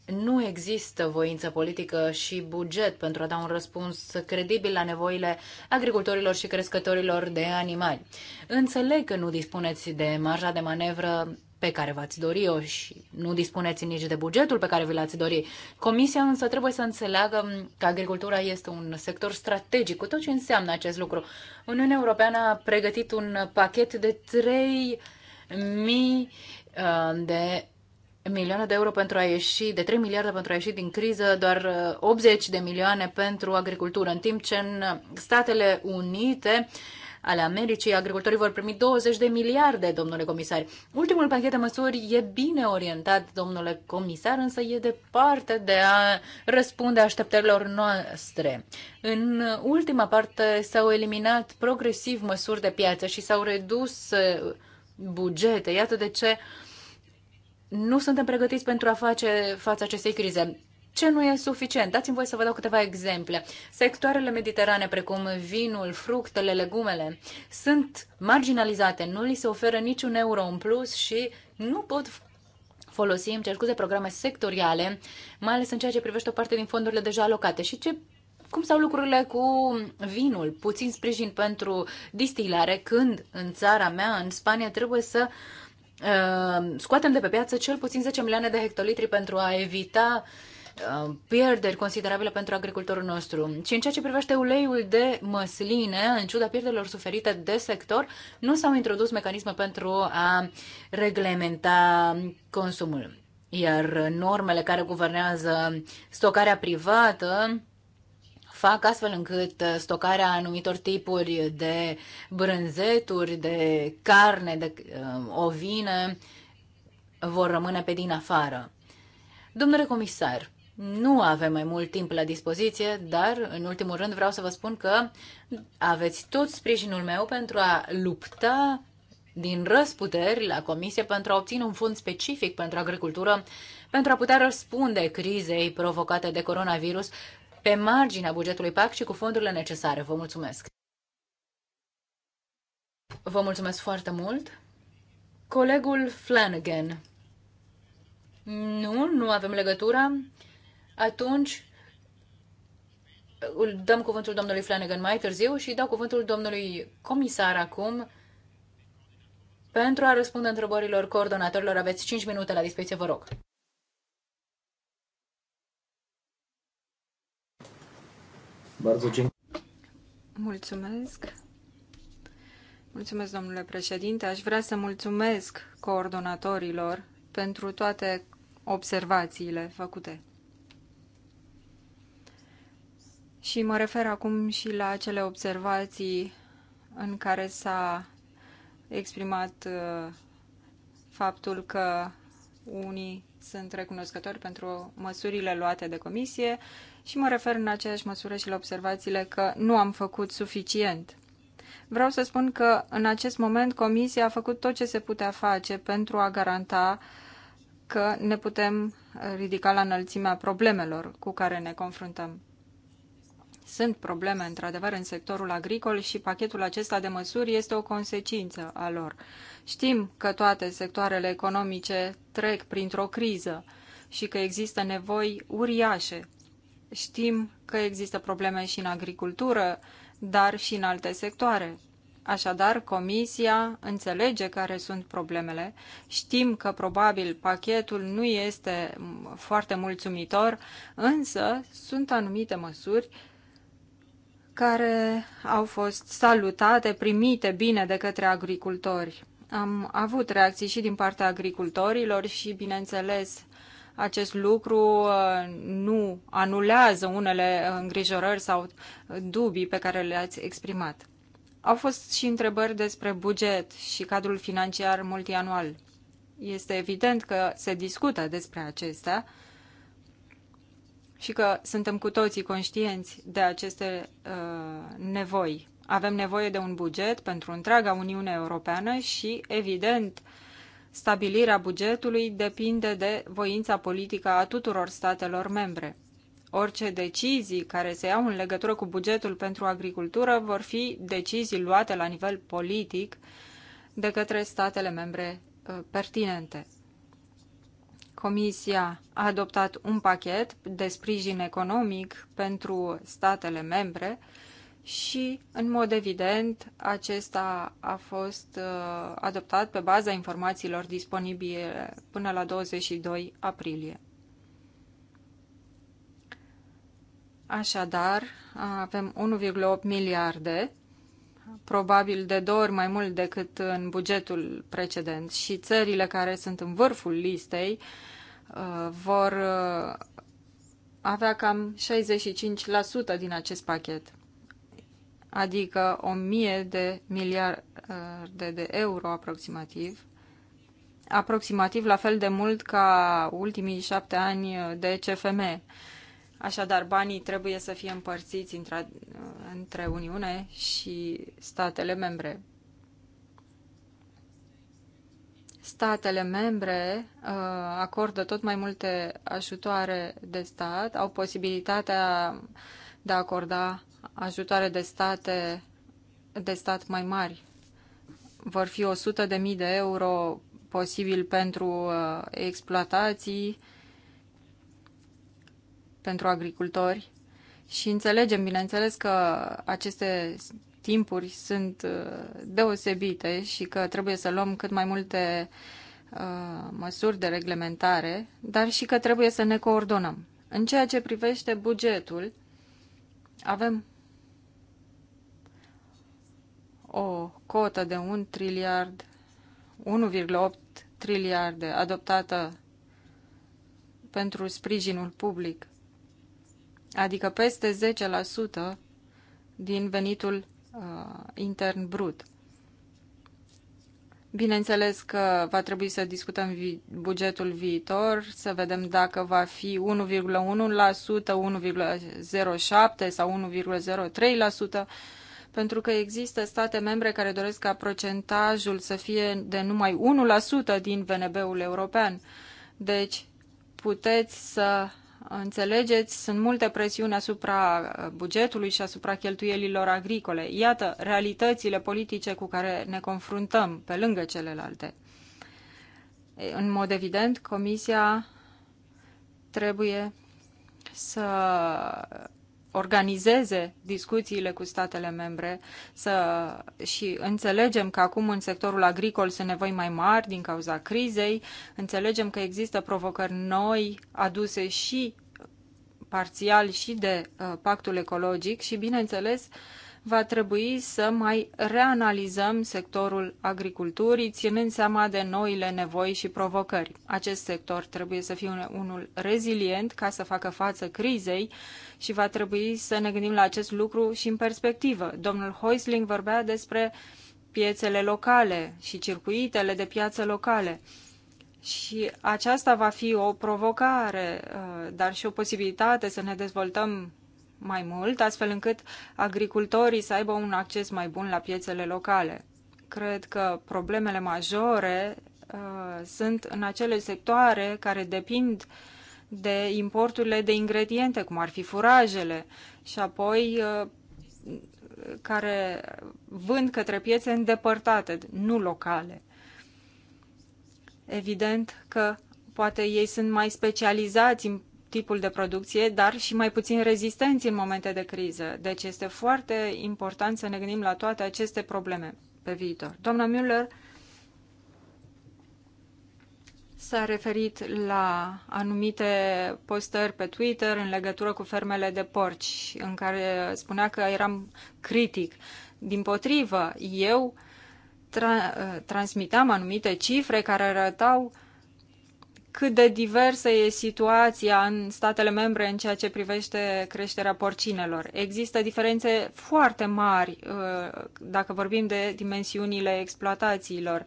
nu există voință politică și buget pentru a da un răspuns credibil la nevoile agricultorilor și crescătorilor de animali. Înțeleg că nu dispuneți de marja de manevră pe care v-ați dori-o și nu dispuneți nici de bugetul pe care vi l-ați dori. Comisia însă trebuie să înțeleagă că agricultura este un sector strategic, cu tot ce înseamnă acest lucru. Uniunea Europeană a pregătit un pachet de 3.000 uh, de milioane de euro pentru a ieși, de 3 miliarde pentru a ieși din criză, doar 80 uh, de milioane pentru agricultură, în timp ce în Statele Unite ale Americii, agricultorii vor primi 20 de miliarde, domnule comisar. Ultimul pachet de măsuri e bine orientat, domnule comisar, însă e departe de a răspunde așteptărilor noastre. În ultima parte s-au eliminat progresiv măsuri de piață și s-au redus uh, bugete. Iată de ce nu suntem pregătiți pentru a face față acestei crize ce nu e suficient. Dați-mi voi să vă dau câteva exemple. Sectoarele mediterane, precum vinul, fructele, legumele, sunt marginalizate, nu li se oferă niciun euro în plus și nu pot folosi, îmi cer scuze, programe sectoriale, mai ales în ceea ce privește o parte din fondurile deja alocate. Și ce cum stau lucrurile cu vinul? Puțin sprijin pentru distilare, când în țara mea, în Spania, trebuie să uh, scoatem de pe piață cel puțin 10 milioane de hectolitri pentru a evita uh, Uh, pierderi considerabile pentru agricultorul nostru. Și în ceea ce privește uleiul de măsline, în ciuda pierderilor suferite de sector, nu s-au introdus mecanisme pentru a reglementa consumul. Iar normele care guvernează stocarea privată fac astfel încât stocarea anumitor tipuri de brânzeturi, de carne, de uh, ovine vor rămâne pe din afară. Domnule comisar, nu avem mai mult timp la dispoziție, dar, în ultimul rând, vreau să vă spun că aveți tot sprijinul meu pentru a lupta din răsputeri la Comisie pentru a obține un fond specific pentru agricultură, pentru a putea răspunde crizei provocate de coronavirus pe marginea bugetului PAC și cu fondurile necesare. Vă mulțumesc! Vă mulțumesc foarte mult! Colegul Flanagan. Nu, nu avem legătura atunci îl dăm cuvântul domnului Flanagan mai târziu și dau cuvântul domnului comisar acum pentru a răspunde întrebărilor coordonatorilor. Aveți 5 minute la dispoziție, vă rog. Mulțumesc. Mulțumesc, domnule președinte. Aș vrea să mulțumesc coordonatorilor pentru toate observațiile făcute. Și mă refer acum și la acele observații în care s-a exprimat uh, faptul că unii sunt recunoscători pentru măsurile luate de comisie și mă refer în aceeași măsură și la observațiile că nu am făcut suficient. Vreau să spun că în acest moment comisia a făcut tot ce se putea face pentru a garanta că ne putem ridica la înălțimea problemelor cu care ne confruntăm. Sunt probleme, într-adevăr, în sectorul agricol și pachetul acesta de măsuri este o consecință a lor. Știm că toate sectoarele economice trec printr-o criză și că există nevoi uriașe. Știm că există probleme și în agricultură, dar și în alte sectoare. Așadar, Comisia înțelege care sunt problemele. Știm că probabil pachetul nu este foarte mulțumitor, însă sunt anumite măsuri care au fost salutate, primite bine de către agricultori. Am avut reacții și din partea agricultorilor și, bineînțeles, acest lucru uh, nu anulează unele îngrijorări sau dubii pe care le-ați exprimat. Au fost și întrebări despre buget și cadrul financiar multianual. Este evident că se discută despre acestea, și că suntem cu toții conștienți de aceste uh, nevoi. Avem nevoie de un buget pentru întreaga Uniune Europeană și, evident, stabilirea bugetului depinde de voința politică a tuturor statelor membre. Orice decizii care se iau în legătură cu bugetul pentru agricultură vor fi decizii luate la nivel politic de către statele membre uh, pertinente. Comisia a adoptat un pachet de sprijin economic pentru statele membre și, în mod evident, acesta a fost uh, adoptat pe baza informațiilor disponibile până la 22 aprilie. Așadar, avem 1,8 miliarde, probabil de două ori mai mult decât în bugetul precedent și țările care sunt în vârful listei uh, Uh, vor uh, avea cam 65% din acest pachet, adică 1000 de miliarde uh, de euro aproximativ, aproximativ la fel de mult ca ultimii șapte ani de CFM. Așadar, banii trebuie să fie împărțiți între, între Uniune și statele membre. statele membre uh, acordă tot mai multe ajutoare de stat, au posibilitatea de a acorda ajutoare de, state, de stat mai mari. Vor fi 100 de mii de euro posibil pentru uh, exploatații, pentru agricultori. Și înțelegem, bineînțeles, că aceste timpuri sunt uh, deosebite și că trebuie să luăm cât mai multe uh, măsuri de reglementare, dar și că trebuie să ne coordonăm. În ceea ce privește bugetul, avem o cotă de 1 triliard, 1,8 triliarde adoptată pentru sprijinul public, adică peste 10% din venitul uh, intern brut. Bineînțeles că va trebui să discutăm vi- bugetul viitor, să vedem dacă va fi 1,1%, 1,07 sau 1,03%, pentru că există state membre care doresc ca procentajul să fie de numai 1% din VNB-ul european. Deci puteți să înțelegeți, sunt multe presiuni asupra bugetului și asupra cheltuielilor agricole. Iată realitățile politice cu care ne confruntăm pe lângă celelalte. În mod evident, Comisia trebuie să organizeze discuțiile cu statele membre să, și înțelegem că acum în sectorul agricol sunt nevoi mai mari din cauza crizei, înțelegem că există provocări noi aduse și parțial și de uh, pactul ecologic și, bineînțeles, uh, va trebui să mai reanalizăm sectorul agriculturii, ținând seama de noile nevoi și provocări. Acest sector trebuie să fie unul rezilient ca să facă față crizei și va trebui să ne gândim la acest lucru și în perspectivă. Domnul Hoisling vorbea despre piețele locale și circuitele de piață locale. Și aceasta va fi o provocare, uh, dar și o posibilitate să ne dezvoltăm mai mult, astfel încât agricultorii să aibă un acces mai bun la piețele locale. Cred că problemele majore uh, sunt în acele sectoare care depind de importurile de ingrediente, cum ar fi furajele, și apoi uh, care vând către piețe îndepărtate, nu locale. Evident că poate ei sunt mai specializați în tipul de producție, dar și mai puțin rezistenți în momente de criză. Deci este foarte important să ne gândim la toate aceste probleme pe viitor. Doamna Müller s-a referit la anumite postări pe Twitter în legătură cu fermele de porci, în care spunea că eram critic. Din potrivă, eu tra- transmitam anumite cifre care arătau uh, cât de diversă e situația în statele membre în ceea ce privește creșterea porcinelor. Există diferențe foarte mari uh, dacă vorbim de dimensiunile exploatațiilor.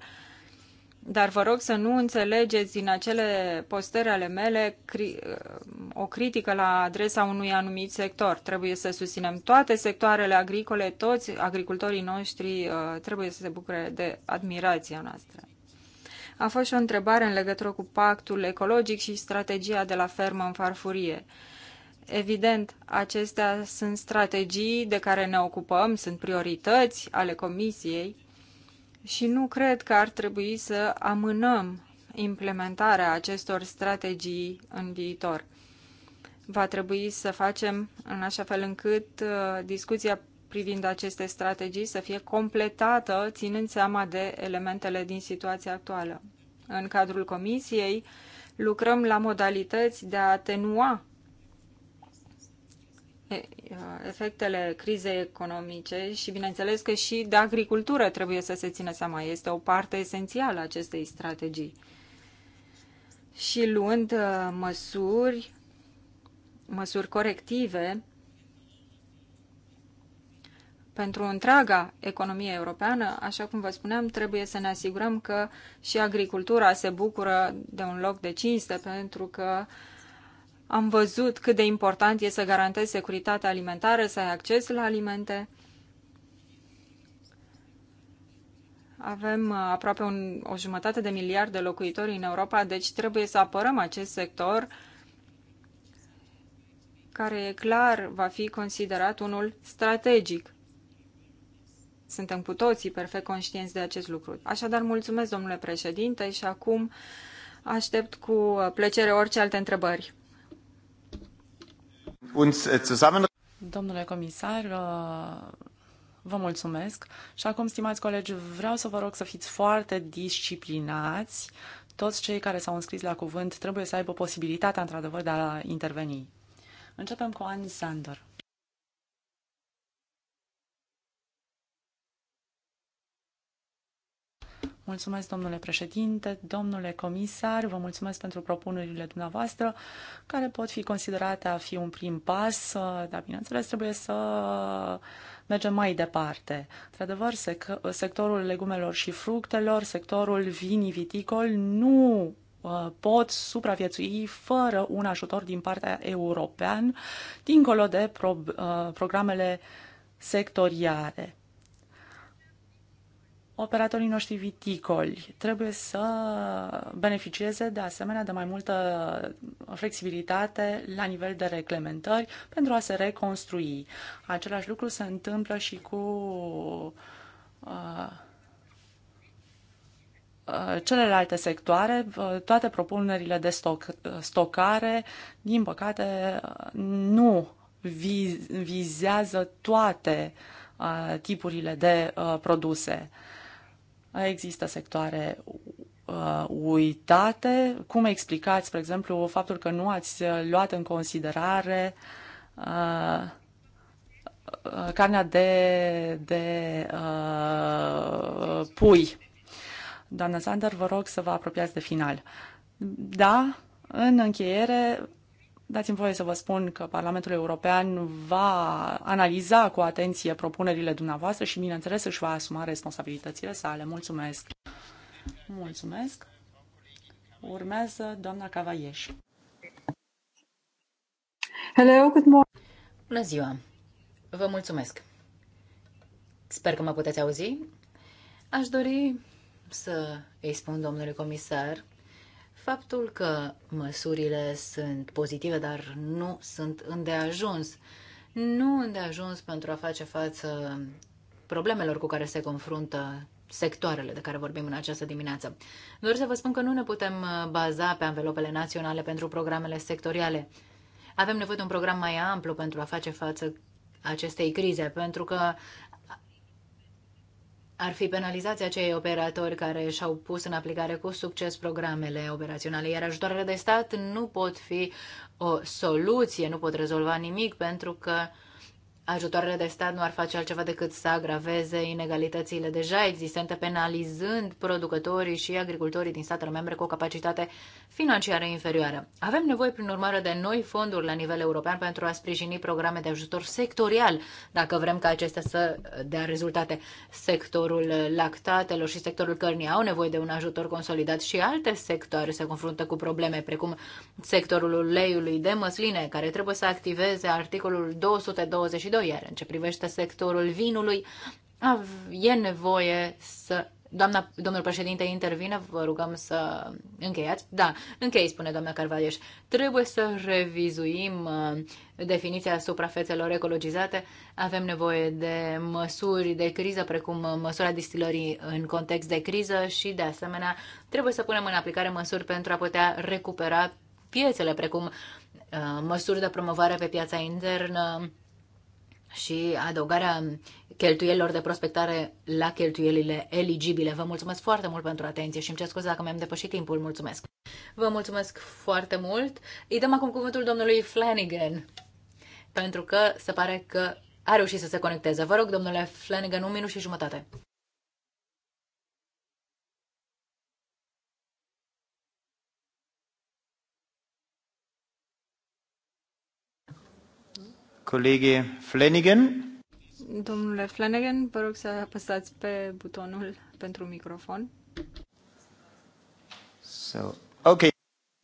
Dar vă rog să nu înțelegeți din acele postări ale mele cri uh, o critică la adresa unui anumit sector. Trebuie să susținem toate sectoarele agricole, toți agricultorii noștri uh, trebuie să se bucure de admirația noastră. A fost și o întrebare în legătură cu pactul ecologic și strategia de la fermă în farfurie. Evident, acestea sunt strategii de care ne ocupăm, sunt priorități ale Comisiei și nu cred că ar trebui să amânăm implementarea acestor strategii în viitor. Va trebui să facem în așa fel încât uh, discuția privind aceste strategii să fie completată ținând seama de elementele din situația actuală. În cadrul Comisiei lucrăm la modalități de a atenua uh, efectele crizei economice și bineînțeles că și de agricultură trebuie să se țină seama. Este o parte esențială a acestei strategii. Și luând uh, măsuri, măsuri corective, pentru întreaga economie europeană, așa cum vă spuneam, trebuie să ne asigurăm că și agricultura se bucură de un loc de cinste, pentru că am văzut cât de important e să garantezi securitatea alimentară, să ai acces la alimente. Avem aproape un, o jumătate de miliard de locuitori în Europa, deci trebuie să apărăm acest sector care e clar va fi considerat unul strategic. Suntem cu toții perfect conștienți de acest lucru. Așadar, mulțumesc, domnule președinte, și acum aștept cu plăcere orice alte întrebări. Eh, domnule comisar, eh, vă mulțumesc. Și acum, stimați colegi, vreau să vă rog să fiți foarte disciplinați. Toți cei care s-au înscris la cuvânt trebuie să aibă posibilitatea, într-adevăr, de a interveni. Începem cu Anne Sander. Mulțumesc, domnule președinte, domnule comisar, vă mulțumesc pentru propunerile dumneavoastră, care pot fi considerate a fi un prim pas, dar bineînțeles trebuie să mergem mai departe. Într-adevăr, sec- sectorul legumelor și fructelor, sectorul viniviticol nu uh, pot supraviețui fără un ajutor din partea european, dincolo de pro- uh, programele sectoriale operatorii noștri viticoli trebuie să beneficieze de asemenea de mai multă flexibilitate la nivel de reglementări pentru a se reconstrui. Același lucru se întâmplă și cu uh, uh celelalte sectoare, uh, toate propunerile de stoc, stocare, din păcate, uh, nu vizează toate uh, tipurile de uh, produse. Uh, Există sectoare uh, uitate. Cum explicați, spre exemplu, faptul că nu ați uh, luat în considerare uh, uh, carnea de, de uh, pui? Doamna Sander, vă rog să vă apropiați de final. Da, în încheiere, Dați-mi voie să vă spun că Parlamentul European va analiza cu atenție propunerile dumneavoastră și, bineînțeles, își va asuma responsabilitățile sale. Mulțumesc! Mulțumesc! Urmează doamna Cavaieș. Hello, good morning! Bună ziua! Vă mulțumesc! Sper că mă puteți auzi. Aș dori să îi spun domnului comisar faptul că măsurile sunt pozitive, dar nu sunt îndeajuns. Nu îndeajuns pentru a face față problemelor cu care se confruntă sectoarele de care vorbim în această dimineață. Doar să vă spun că nu ne putem uh, baza pe anvelopele naționale pentru programele sectoriale. Avem nevoie de un program mai amplu pentru a face față acestei crize, pentru că ar fi penalizați acei operatori care și-au pus în aplicare cu succes programele operaționale, iar ajutoarele de stat nu pot fi o soluție, nu pot rezolva nimic pentru că uh, ajutoarele de stat nu ar face altceva decât să agraveze inegalitățile deja existente, penalizând producătorii și agricultorii din statele membre cu o capacitate financiară inferioară. Avem nevoie, prin urmare, de noi fonduri la nivel european pentru a sprijini programe de ajutor sectorial, dacă vrem ca acestea să dea rezultate. Sectorul lactatelor și sectorul cărnii au nevoie de un ajutor consolidat și alte sectoare se confruntă cu probleme, precum sectorul uleiului de măsline, care trebuie să activeze articolul 220. 2022, iar în ce privește sectorul vinului, e nevoie să Doamna, domnul președinte intervine, vă rugăm să încheiați. Da, închei, spune doamna Carvalieș. Trebuie să revizuim uh, definiția suprafețelor ecologizate. Avem nevoie de măsuri de criză, precum uh, măsura distilării în context de criză și, de asemenea, trebuie să punem în aplicare măsuri pentru a putea recupera piețele, precum uh, măsuri de promovare pe piața internă, și adăugarea cheltuielilor de prospectare la cheltuielile eligibile. Vă mulțumesc foarte mult pentru atenție și îmi cer scuze dacă mi-am depășit timpul. Mulțumesc! Vă mulțumesc foarte mult! Îi dăm acum cuvântul domnului Flanagan, pentru că se pare că a reușit să se conecteze. Vă rog, domnule Flanagan, un minut și jumătate. Colleghi, Flanagan. Domnule Flanagan, vă rog să apăsați pe butonul pentru microfon. So, okay.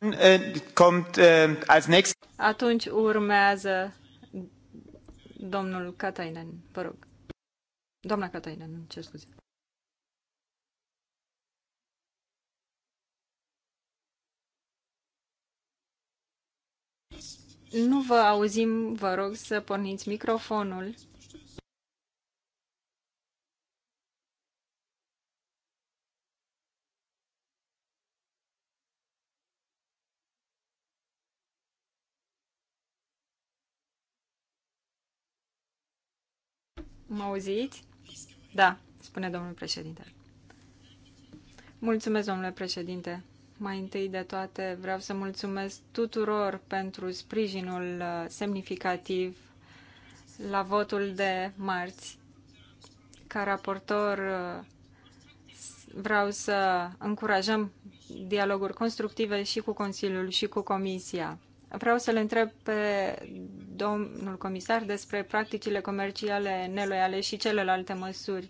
Uh, Kommt, uh, als next... Atunci urmează domnul Katainen, vă rog. Doamna Katainen, ce cer scuze. Nu vă auzim, vă rog să porniți microfonul. Mă auziți? Da, spune domnul președinte. Mulțumesc, domnule președinte. Mai întâi de toate vreau să mulțumesc tuturor pentru sprijinul uh, semnificativ la votul de marți. Ca raportor uh, vreau să încurajăm dialoguri constructive și cu Consiliul și cu Comisia. Vreau să-l întreb pe domnul comisar despre practicile comerciale neloiale și celelalte măsuri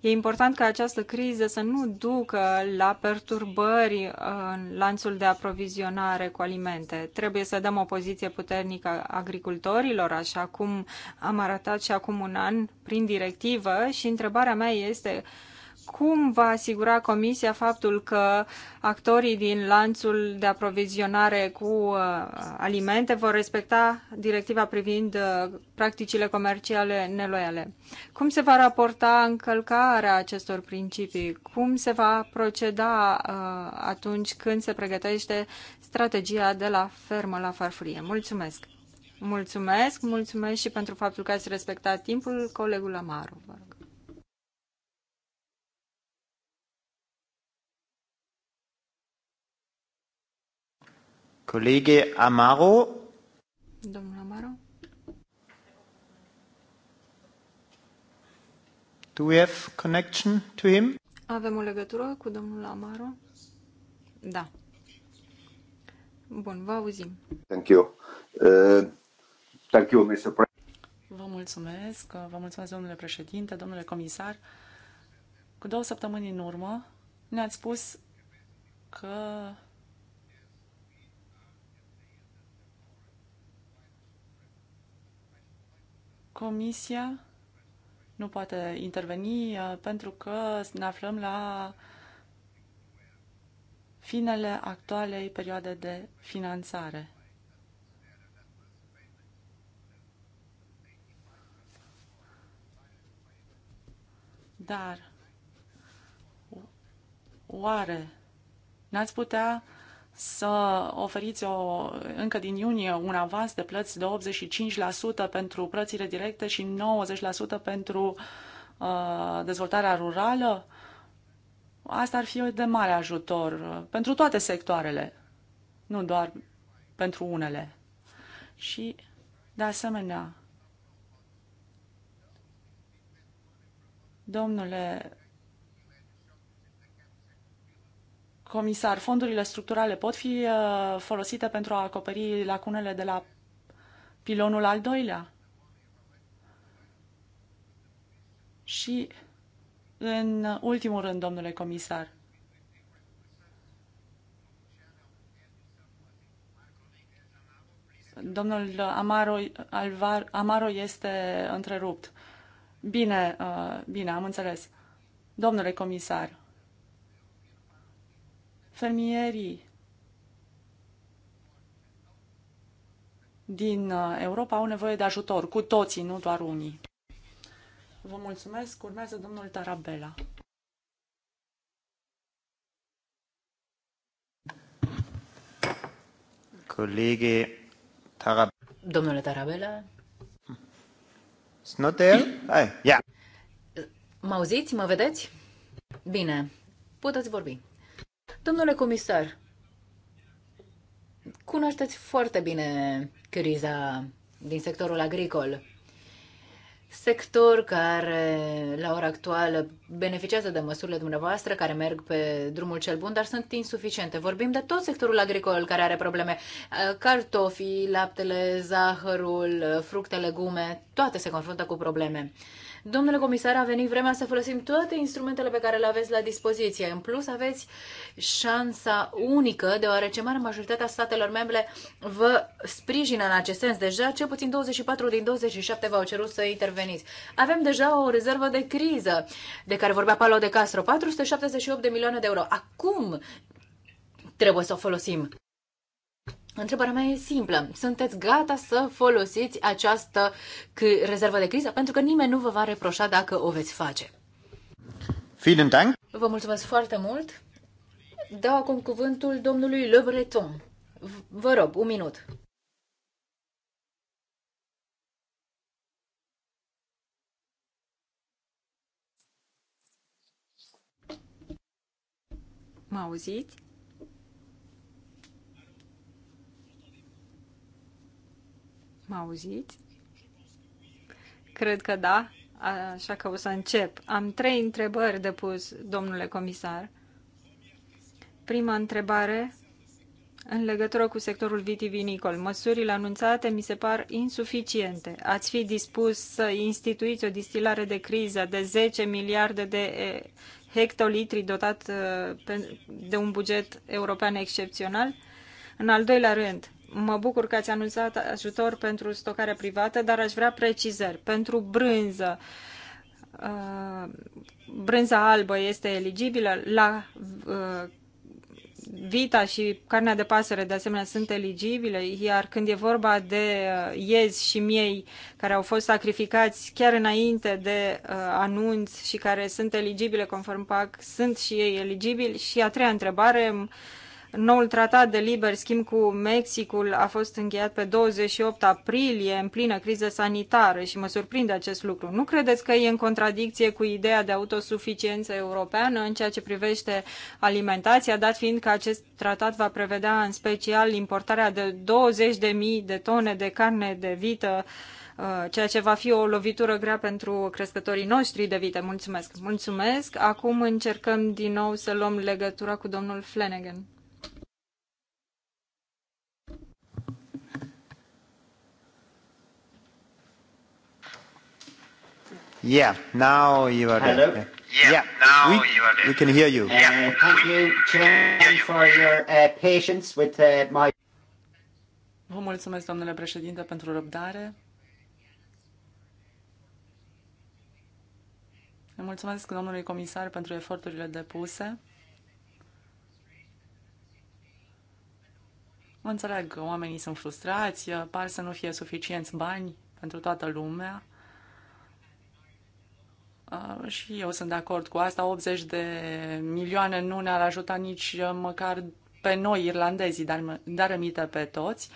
E important ca această criză să nu ducă la perturbări în lanțul de aprovizionare cu alimente. Trebuie să dăm o poziție puternică agricultorilor, așa cum am arătat și acum un an prin directivă și întrebarea mea este cum va asigura Comisia faptul că actorii din lanțul de aprovizionare cu uh, alimente vor respecta directiva privind uh, practicile comerciale neloiale? Cum se va raporta încălcarea acestor principii? Cum se va proceda uh, atunci când se pregătește strategia de la fermă la farfurie? Mulțumesc! Mulțumesc, mulțumesc și pentru faptul că ați respectat timpul, colegul Amaru, vă rog. Colege Amaro. Domnul Amaro. Do we have connection to him? Avem o legătură cu domnul Amaro? Da. Bun, vă auzim. Thank you. Uh, thank you, Mr. President. Vă mulțumesc, uh, vă mulțumesc, domnule președinte, domnule comisar. Cu două săptămâni în urmă ne-ați spus că Comisia nu poate interveni uh, pentru că ne aflăm la finele actualei perioade de finanțare. Dar oare n-ați putea să oferiți o, încă din iunie un avans de plăți de 85% pentru plățile directe și 90% pentru uh, dezvoltarea rurală, asta ar fi de mare ajutor uh, pentru toate sectoarele, nu doar pentru unele. Și, de asemenea, domnule comisar, fondurile structurale pot fi uh, folosite pentru a acoperi lacunele de la pilonul al doilea? Și, în ultimul rând, domnule comisar, domnul Amaro, Alvar, Amaro este întrerupt. Bine, uh, bine, am înțeles. Domnule comisar, Fermierii din uh, Europa au nevoie de ajutor, cu toții, nu doar unii. Vă mulțumesc. Urmează domnul Tarabella. Colegi Tarab. Domnule Tarabella. Snotel? Hai, ia. Mă auziți? Mă vedeți? Bine. Puteți vorbi. Domnule comisar, cunoașteți foarte bine criza din sectorul agricol, sector care la ora actuală beneficiază de măsurile dumneavoastră care merg pe drumul cel bun, dar sunt insuficiente. Vorbim de tot sectorul agricol care are probleme. Eh, cartofii, laptele, zahărul, fructe, legume, toate se confruntă cu probleme. Domnule comisar, a venit vremea să folosim toate instrumentele pe care le aveți la dispoziție. În plus, aveți șansa unică, deoarece mare majoritatea statelor membre vă sprijină în acest sens. Deja cel puțin 24 din 27 v-au cerut să interveniți. Avem deja o rezervă de criză, de care vorbea Paolo de Castro, 478 de milioane de euro. Acum trebuie să o folosim. Întrebarea mea e simplă. Sunteți gata să folosiți această rezervă de criză? Pentru că nimeni nu vă va reproșa dacă o veți face. Vielen Dank. Vă mulțumesc foarte mult. Dau acum cuvântul domnului Le Breton. Vă rog, un minut. Mă auziți? Mă auziți? Cred că da, așa că o să încep. Am trei întrebări de pus, domnule comisar. Prima întrebare în legătură cu sectorul vitivinicol. Măsurile anunțate mi se par insuficiente. Ați fi dispus să instituiți o distilare de criză de 10 miliarde de hectolitri dotat uh, de un buget european excepțional? În al doilea rând, Mă bucur că ați anunțat ajutor pentru stocarea privată, dar aș vrea precizări. Pentru brânză, uh, brânza albă este eligibilă, la uh, vita și carnea de pasăre de asemenea sunt eligibile, iar când e vorba de uh, iezi și miei care au fost sacrificați chiar înainte de anunț și care sunt eligibile conform PAC, sunt și ei eligibili? Și a treia întrebare, Noul tratat de liber schimb cu Mexicul a fost încheiat pe 28 aprilie, în plină criză sanitară și mă surprinde acest lucru. Nu credeți că e în contradicție cu ideea de autosuficiență europeană în ceea ce privește alimentația, dat fiind că acest tratat va prevedea în special importarea de 20.000 de tone de carne de vită, uh, ceea ce va fi o lovitură grea pentru crescătorii noștri de vite. Mulțumesc! Mulțumesc! Acum încercăm din nou să luăm legătura cu domnul Flanagan. Yeah, now you are Hello? there. Yeah, yeah. now we, you are there. We can hear you. Uh, yeah. Thank you, Chair, you. for your uh, patience with uh, my... Vă mulțumesc, domnule președinte, pentru răbdare. Vă mulțumesc domnului comisar pentru eforturile depuse. Mă înțeleg, oamenii sunt frustrați, par să nu fie suficienți bani pentru toată lumea. Ah, și eu sunt de acord cu asta. 80 de milioane nu ne-ar ajuta nici eh, măcar pe noi, irlandezii, dar, dar rămite pe toți.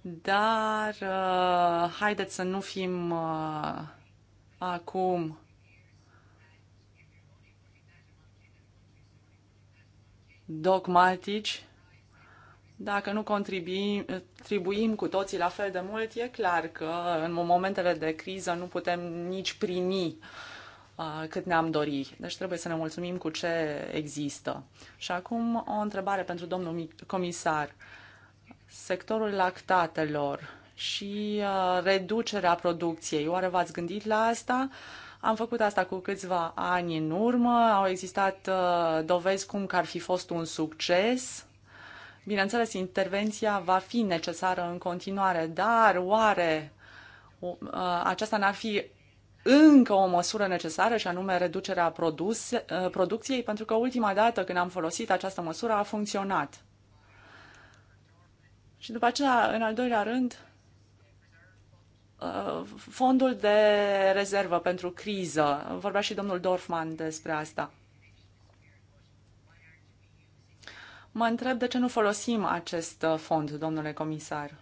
Dar uh, haideți să nu fim uh, acum dogmatici dacă nu contribuim, cu toții la fel de mult, e clar că în momentele de criză nu putem nici primi uh, cât ne-am dori. Deci trebuie să ne mulțumim cu ce există. Și acum o întrebare pentru domnul comisar. Sectorul lactatelor și uh, reducerea producției, oare v-ați gândit la asta? Am făcut asta cu câțiva ani în urmă, au existat uh, dovezi cum că ar fi fost un succes Bineînțeles, intervenția va fi necesară în continuare, dar oare uh, aceasta n-ar fi încă o măsură necesară și anume reducerea produs, uh, producției, pentru că ultima dată când am folosit această măsură a funcționat. Și după aceea, în al doilea rând, uh, fondul de rezervă pentru criză. Vorbea și domnul Dorfman despre asta. Mă întreb de ce nu folosim acest uh, fond, domnule comisar.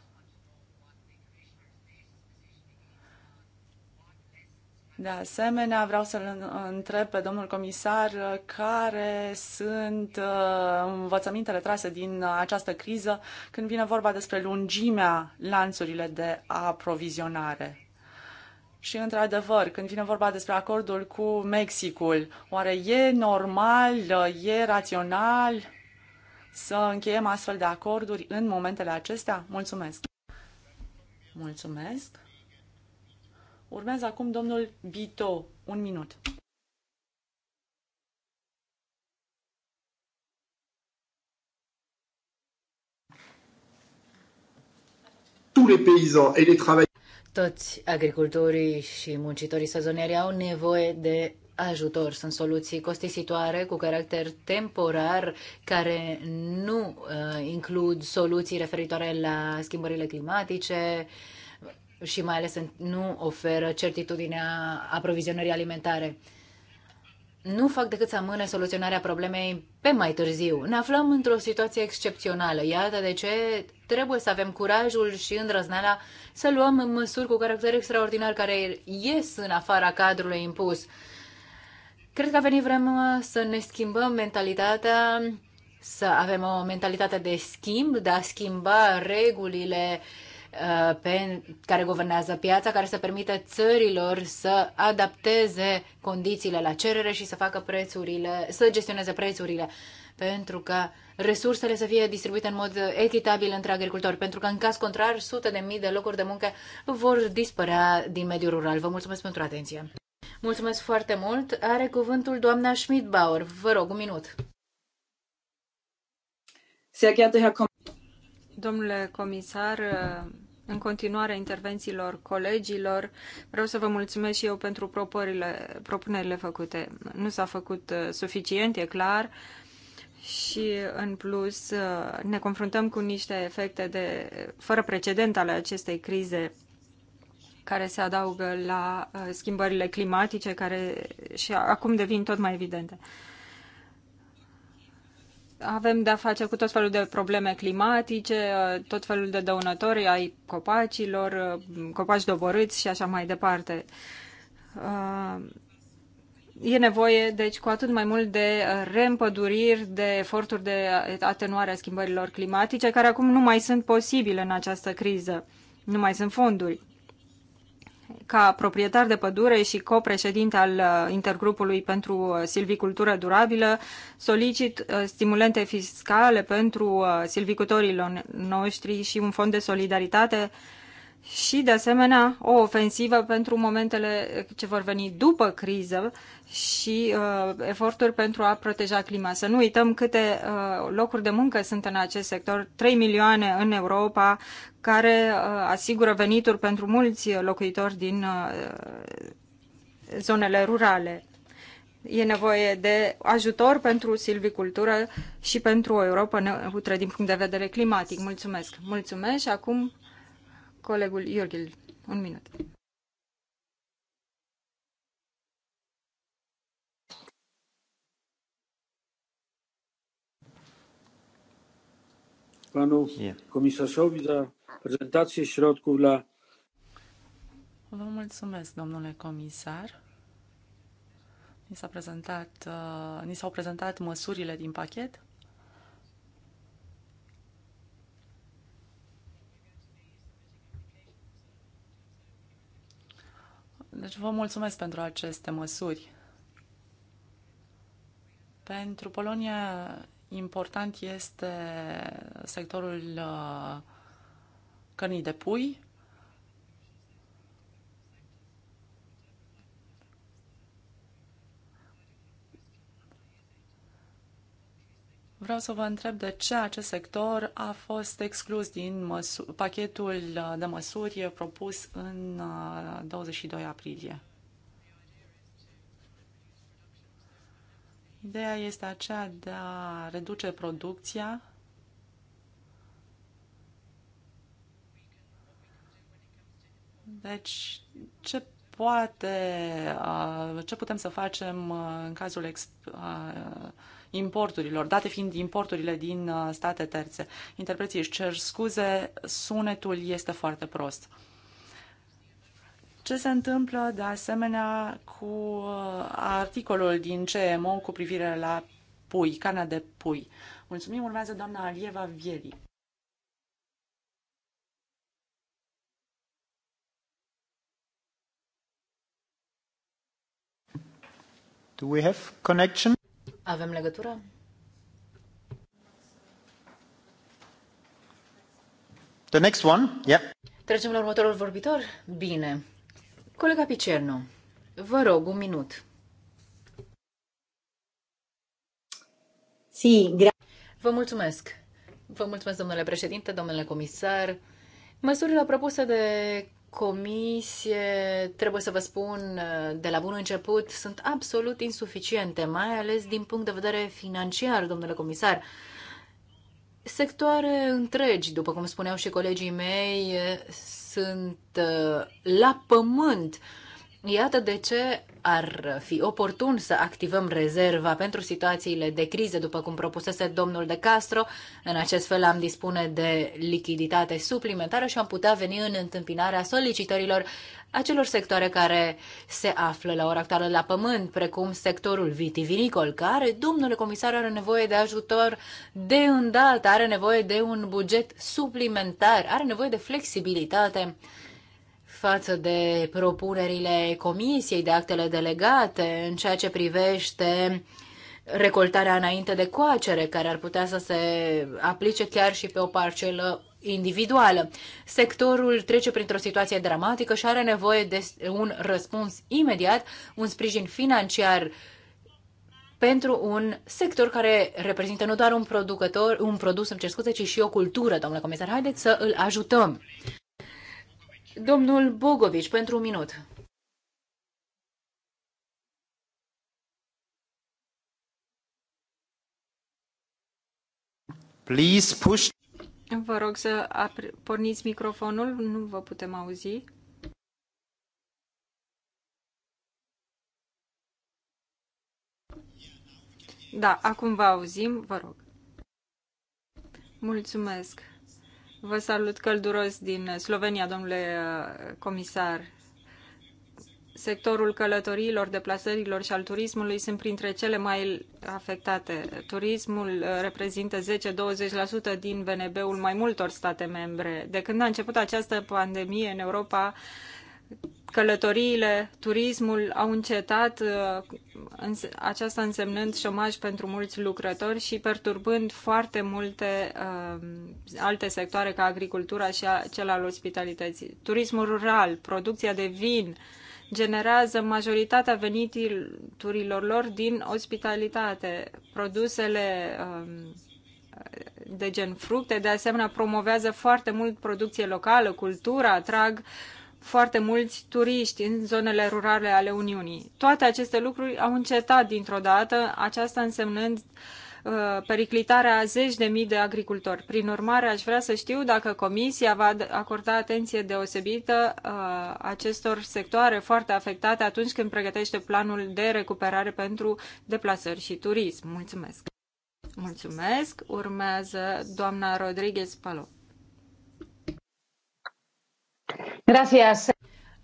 De asemenea, vreau să-l întreb pe domnul comisar uh, care sunt uh, învățămintele trase din această criză când vine vorba despre lungimea lanțurile de aprovizionare. Și, într-adevăr, când vine vorba despre acordul cu Mexicul, oare e normal, e rațional să încheiem astfel de acorduri în momentele acestea? Mulțumesc! Mulțumesc! Urmează acum domnul Bito. Un minut. toți agricultorii și muncitorii sezonieri au nevoie de ajutor. Sunt soluții costisitoare cu caracter temporar care nu uh, includ soluții referitoare la schimbările climatice și mai ales nu oferă certitudinea aprovizionării alimentare. Nu fac decât să amâne soluționarea problemei pe mai târziu. Ne aflăm într-o situație excepțională. Iată de ce trebuie să avem curajul și îndrăzneala să luăm măsuri cu caracter extraordinar care ies în afara cadrului impus Cred că a venit vremea să ne schimbăm mentalitatea, să avem o mentalitate de schimb, de a schimba regulile uh, pe, care guvernează piața, care să permită țărilor să adapteze condițiile la cerere și să facă prețurile, să gestioneze prețurile pentru că resursele să fie distribuite în mod echitabil între agricultori, pentru că în caz contrar sute de mii de locuri de muncă vor dispărea din mediul rural. Vă mulțumesc pentru atenție! Mulțumesc foarte mult. Are cuvântul doamna Schmidbauer. Vă rog, un minut. Domnule comisar, în continuare intervențiilor colegilor, vreau să vă mulțumesc și eu pentru propunerile făcute. Nu s-a făcut uh, suficient, e clar, și în plus uh, ne confruntăm cu niște efecte de, fără precedent ale acestei crize care se adaugă la uh, schimbările climatice, care și acum devin tot mai evidente. Avem de-a face cu tot felul de probleme climatice, uh, tot felul de dăunători ai copacilor, uh, copaci doborâți și așa mai departe. E nevoie, deci, cu atât mai mult de reîmpăduriri, de eforturi de atenuare a schimbărilor climatice, care acum nu mai sunt posibile în această criză. Nu mai sunt fonduri ca proprietar de pădure și copreședinte al uh, intergrupului pentru uh, silvicultură durabilă, solicit uh, stimulente fiscale pentru silvicultorii noștri și un fond de solidaritate și, de asemenea, o ofensivă pentru momentele ce vor veni după criză și uh, eforturi pentru a proteja clima. Să nu uităm câte uh, locuri de muncă sunt în acest sector, 3 milioane în Europa, care uh, asigură venituri pentru mulți locuitori din uh, zonele rurale. E nevoie de ajutor pentru silvicultură și pentru o Europa neutră din punct de vedere climatic. Mulțumesc! Mulțumesc și acum colegul Iurghil. Un minut. Panu yeah. komisarzowi za prezentację środków dla. Vă mulțumesc, domnule comisar. Ni, s-a prezentat, uh, ni s-au prezentat măsurile din pachet. Deci vă mulțumesc pentru aceste măsuri. Pentru Polonia important este sectorul uh, cărnii de pui. Vreau să vă întreb de ce acest sector a fost exclus din pachetul uh, de măsuri propus în 22 uh, aprilie. Ideea este aceea de a reduce producția Deci, ce poate, ce putem să facem în cazul importurilor, date fiind importurile din state terțe? Interpreții își cer scuze, sunetul este foarte prost. Ce se întâmplă, de asemenea, cu articolul din CMO cu privire la pui, carnea de pui? Mulțumim, urmează doamna Alieva Vieri. Do we have connection? Avem legătură? The next one, yeah. Trecem la următorul vorbitor? Bine. Colega Picerno, vă rog, un minut. Si, gra- Vă mulțumesc. Vă mulțumesc, domnule președinte, domnule comisar. Măsurile propuse de comisie, trebuie să vă spun uh, de la bun început, sunt absolut insuficiente, mai ales din punct de vedere financiar, domnule comisar. Sectoare întregi, după cum spuneau și colegii mei, uh, sunt uh, la pământ Iată de ce ar fi oportun să activăm rezerva pentru situațiile de criză, după cum propusese domnul de Castro. În acest fel am dispune de lichiditate suplimentară și am putea veni în întâmpinarea solicitărilor acelor sectoare care se află la ora actuală la pământ, precum sectorul vitivinicol, care, domnule comisar, are nevoie de ajutor de îndată, are nevoie de un buget suplimentar, are nevoie de flexibilitate față de propunerile Comisiei de actele delegate în ceea ce privește recoltarea înainte de coacere, care ar putea să se aplice chiar și pe o parcelă individuală. Sectorul trece printr-o situație dramatică și are nevoie de un răspuns imediat, un sprijin financiar pentru un sector care reprezintă nu doar un producător, un produs, îmi cer scuze, ci și o cultură, domnule comisar. Haideți să îl ajutăm. Domnul Bogovici, pentru un minut. Please push. Vă rog să porniți microfonul, nu vă putem auzi. Da, acum vă auzim, vă rog. Mulțumesc. Vă salut călduros din Slovenia, domnule uh, comisar. Sectorul călătoriilor, deplasărilor și al turismului sunt printre cele mai afectate. Turismul uh, reprezintă 10-20% din VNB-ul mai multor state membre. De când a început această pandemie în Europa, călătoriile, turismul au încetat uh, aceasta însemnând șomaj pentru mulți lucrători și perturbând foarte multe uh, alte sectoare ca agricultura și a, cel al ospitalității. Turismul rural, producția de vin, generează majoritatea veniturilor lor din ospitalitate. Produsele uh, de gen fructe, de asemenea, promovează foarte mult producție locală, cultura, atrag uh, foarte mulți turiști în zonele rurale ale Uniunii. Toate aceste lucruri au încetat dintr-o dată, aceasta însemnând uh, periclitarea a zeci de mii de agricultori. Prin urmare, aș vrea să știu dacă Comisia va acorda atenție deosebită uh, acestor sectoare foarte afectate atunci când pregătește planul de recuperare pentru deplasări și turism. Mulțumesc! Mulțumesc! Urmează doamna Rodriguez Palop. Gracias.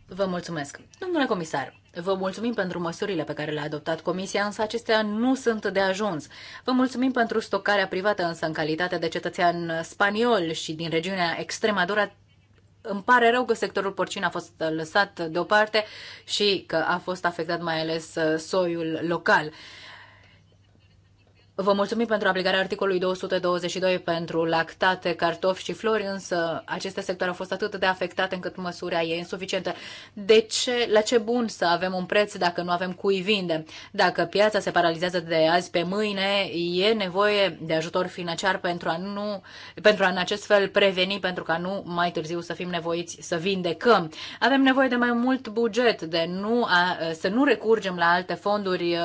Vă mulțumesc. Domnule comisar, vă mulțumim pentru măsurile pe care le-a adoptat Comisia, însă acestea nu sunt de ajuns. Vă mulțumim pentru stocarea privată, însă în calitate de cetățean spaniol și din regiunea Extremadura, îmi pare rău că sectorul porcin a fost lăsat deoparte și că a fost afectat mai ales uh, soiul local. Vă mulțumim pentru aplicarea articolului 222 pentru lactate, cartofi și flori, însă aceste sectoare au fost atât de afectate încât măsura e insuficientă. De ce, la ce bun să avem un preț dacă nu avem cui vinde? Dacă piața se paralizează de azi pe mâine, e nevoie de ajutor financiar pentru a, nu, pentru a în acest fel preveni, pentru ca nu mai târziu să fim nevoiți să vindecăm. Avem nevoie de mai mult buget, de nu a, să nu recurgem la alte fonduri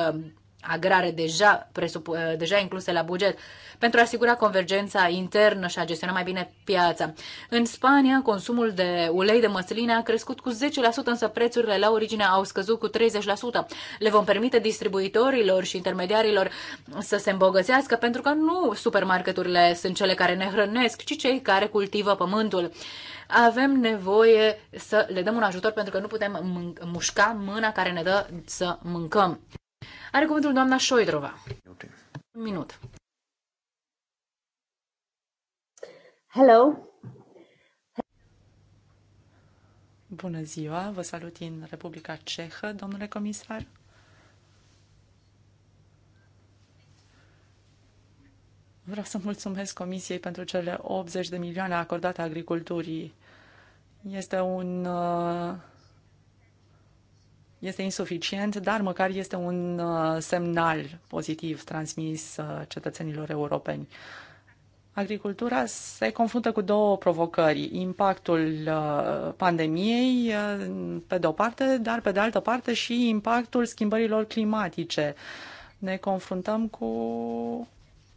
agrare deja, presupu- eh, deja incluse la buget pentru a asigura convergența internă și a gestiona mai bine piața. În Spania, consumul de ulei de măsline a crescut cu 10%, însă prețurile la origine au scăzut cu 30%. Le vom permite distribuitorilor și intermediarilor să se îmbogățească pentru că nu supermarketurile sunt cele care ne hrănesc, ci cei care cultivă pământul. Avem nevoie să le dăm un ajutor pentru că nu putem mușca mâna care ne dă să mâncăm. Are cuvântul doamna Șoidrova. Un minut. Hello! Bună ziua, vă salut din Republica Cehă, domnule comisar. Vreau să mulțumesc Comisiei pentru cele 80 de milioane acordate agriculturii. Este un uh, este insuficient, dar măcar este un uh, semnal pozitiv transmis uh, cetățenilor europeni. Agricultura se confruntă cu două provocări. Impactul uh, pandemiei, pe de-o parte, dar pe de altă parte și impactul schimbărilor climatice. Ne confruntăm cu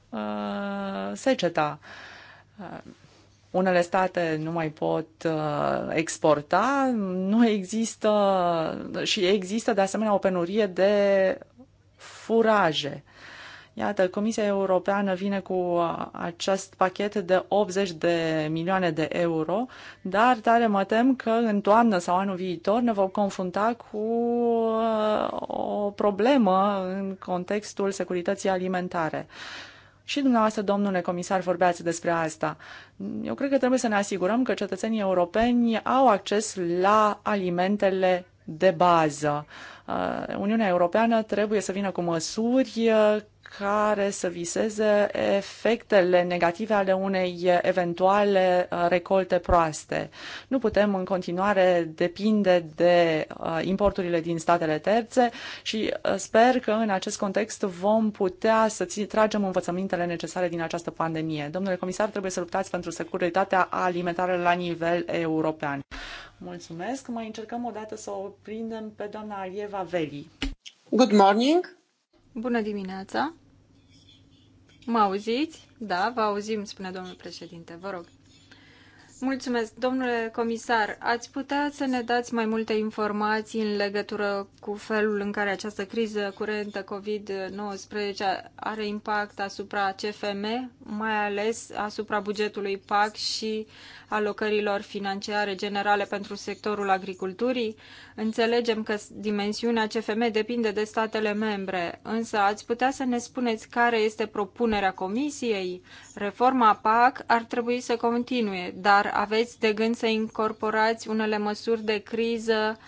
uh, seceta. Unele state nu mai pot uh, exporta, nu există și există de asemenea o penurie de furaje. Iată, Comisia Europeană vine cu uh, acest pachet de 80 de milioane de euro, dar tare mă tem că în toamnă sau anul viitor ne vom confrunta cu uh, o problemă în contextul securității alimentare. Și dumneavoastră, domnule comisar, vorbeați despre asta. Eu cred că trebuie să ne asigurăm că cetățenii europeni au acces la alimentele de bază. Uh, Uniunea Europeană trebuie să vină cu măsuri uh, care să viseze efectele negative ale unei eventuale uh, recolte proaste. Nu putem în continuare depinde de uh, importurile din statele terțe și uh, sper că în acest context vom putea să tragem învățămintele necesare din această pandemie. Domnule comisar, trebuie să luptați pentru securitatea alimentară la nivel european. Mulțumesc. Mai încercăm o dată să o prindem pe doamna Alieva Veli. Good morning! Bună dimineața! Mă auziți? Da, vă auzim, spune domnul președinte. Vă rog. Mulțumesc, domnule comisar. Ați putea să ne dați mai multe informații în legătură cu felul în care această criză curentă COVID-19 are impact asupra CFM, mai ales asupra bugetului PAC și alocărilor financiare generale pentru sectorul agriculturii? Înțelegem că dimensiunea CFM depinde de statele membre, însă ați putea să ne spuneți care este propunerea Comisiei? Reforma PAC ar trebui să continue, dar aveți de gând să incorporați unele măsuri de criză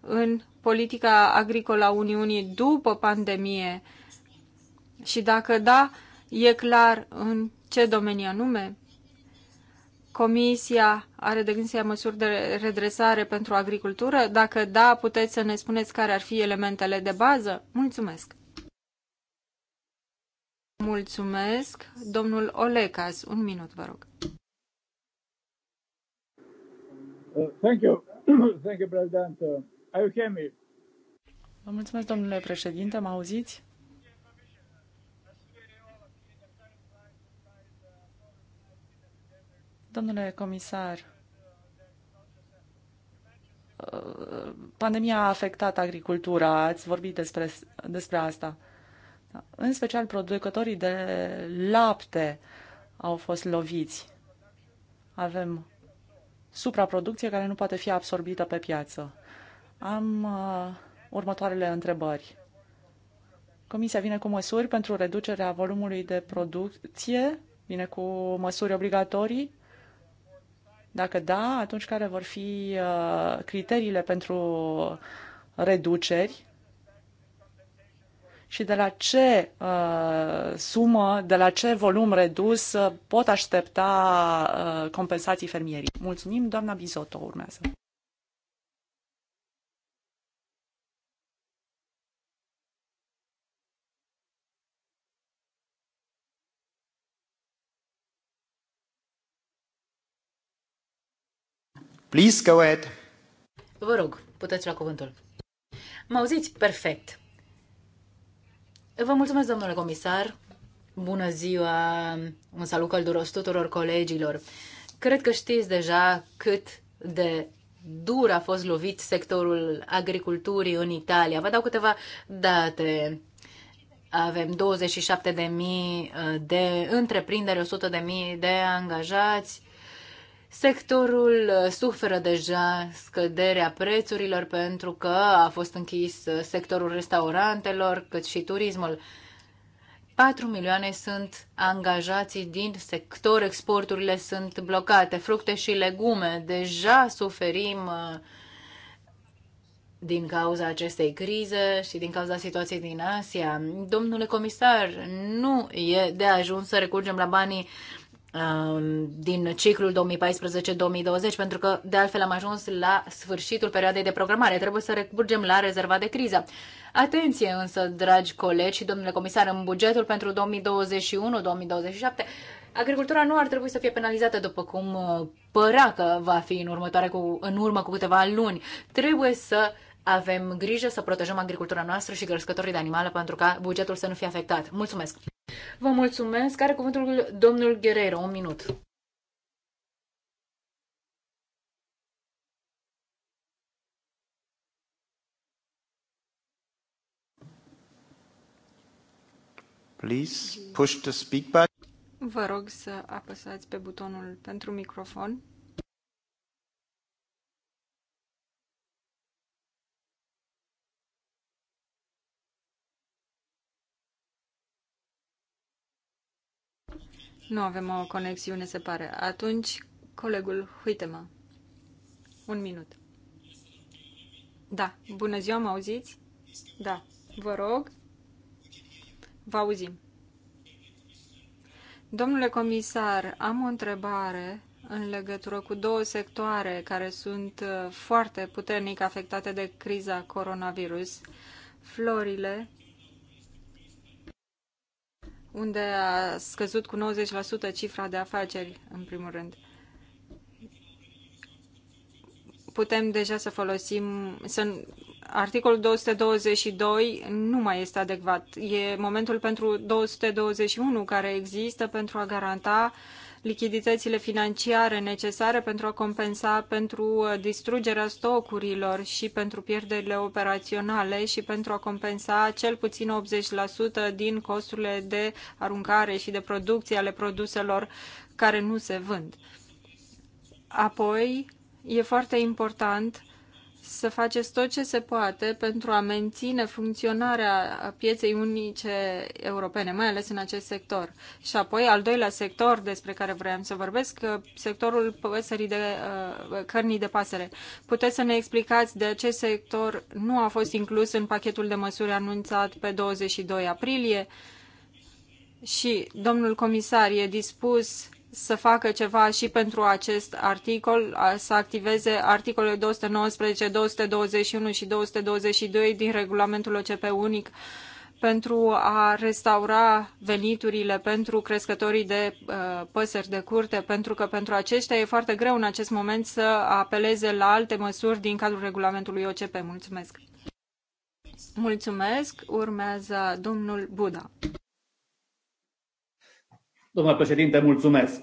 în politica agricolă a Uniunii după pandemie? Și dacă da, e clar în ce domenii anume? Comisia are de gând să ia măsuri de redresare pentru agricultură? Dacă da, puteți să ne spuneți care ar fi elementele de bază? Mulțumesc! Mulțumesc, domnul Olecas. Un minut, vă rog. Uh, thank you. Thank you, President. Uh, are you hear me? Vă mulțumesc, domnule președinte. Mă auziți? Domnule comisar, uh, pandemia a afectat agricultura, ați vorbit despre, despre asta. Da. În special producătorii de lapte au fost loviți. Avem supraproducție care nu poate fi absorbită pe piață. Am uh, următoarele întrebări. Comisia vine cu măsuri pentru reducerea volumului de producție? Vine cu măsuri obligatorii? Dacă da, atunci care vor fi uh, criteriile pentru reduceri? și de la ce uh, sumă, de la ce volum redus uh, pot aștepta uh, compensații fermierii. Mulțumim, doamna Bizotto urmează. Please go ahead. Vă rog, puteți lua cuvântul. Mă auziți perfect. Vă mulțumesc, domnule comisar. Bună ziua, un salut călduros tuturor colegilor. Cred că știți deja cât de dur a fost lovit sectorul agriculturii în Italia. Vă dau câteva date. Avem 27.000 de întreprinderi, 100.000 de angajați, Sectorul uh, suferă deja scăderea prețurilor pentru că a fost închis uh, sectorul restaurantelor, cât și turismul. 4 milioane sunt angajații din sector, exporturile sunt blocate, fructe și legume. Deja suferim uh, din cauza acestei crize și din cauza situației din Asia. Domnule comisar, nu e de ajuns să recurgem la banii Um, din ciclul 2014-2020, pentru că de altfel am ajuns la sfârșitul perioadei de programare. Trebuie să recurgem la rezerva de criză. Atenție însă, dragi colegi și domnule comisar, în bugetul pentru 2021-2027, agricultura nu ar trebui să fie penalizată după cum uh, părea că va fi în, următoare cu, în urmă cu câteva luni. Trebuie să avem grijă să protejăm agricultura noastră și crescătorii de animale pentru ca bugetul să nu fie afectat. Mulțumesc! Vă mulțumesc! Care cuvântul domnul Guerrero? Un minut. Please push the speak button. Vă rog să apăsați pe butonul pentru microfon. Nu avem o conexiune, se pare. Atunci, colegul, uite-mă. Un minut. Da. Bună ziua, mă auziți? Da. Vă rog. Vă auzim. Domnule comisar, am o întrebare în legătură cu două sectoare care sunt uh, foarte puternic afectate de criza coronavirus, florile unde a scăzut cu 90% cifra de afaceri, în primul rând. Putem deja să folosim, să, articolul 222 nu mai este adecvat. E momentul pentru 221 care există pentru a garanta uh, lichiditățile financiare necesare pentru a compensa pentru uh, distrugerea stocurilor și pentru pierderile operaționale și pentru a compensa cel puțin 80% din costurile de aruncare și de producție ale produselor care nu se vând. Apoi, e foarte important să faceți tot ce se poate pentru a menține funcționarea pieței unice europene, mai ales în acest sector. Și apoi, al doilea sector despre care vreau să vorbesc, uh, sectorul păsării de, uh, cărnii de pasăre. Puteți să ne explicați de ce sector nu a fost inclus în pachetul de măsuri anunțat pe 22 aprilie? Și domnul comisar e dispus să facă ceva și pentru acest articol, să activeze articolele 219, 221 și 222 din regulamentul OCP unic pentru a restaura veniturile pentru crescătorii de uh, păsări de curte, pentru că pentru aceștia e foarte greu în acest moment să apeleze la alte măsuri din cadrul regulamentului OCP. Mulțumesc! Mulțumesc! Urmează domnul Buda. Domnule președinte, mulțumesc.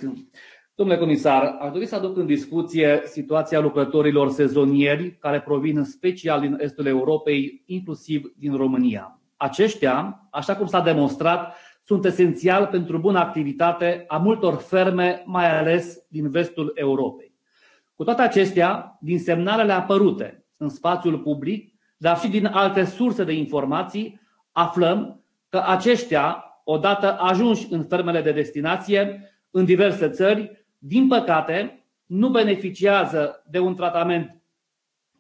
Domnule comisar, aș dori să aduc în discuție situația lucrătorilor sezonieri care provin în special din estul Europei, inclusiv din România. Aceștia, așa cum s-a demonstrat, sunt esențial pentru bună activitate a multor ferme, mai ales din vestul Europei. Cu toate acestea, din semnalele apărute în spațiul public, dar și din alte surse de informații, aflăm că aceștia odată ajunși în fermele de destinație, în diverse țări, din păcate, nu beneficiază de un tratament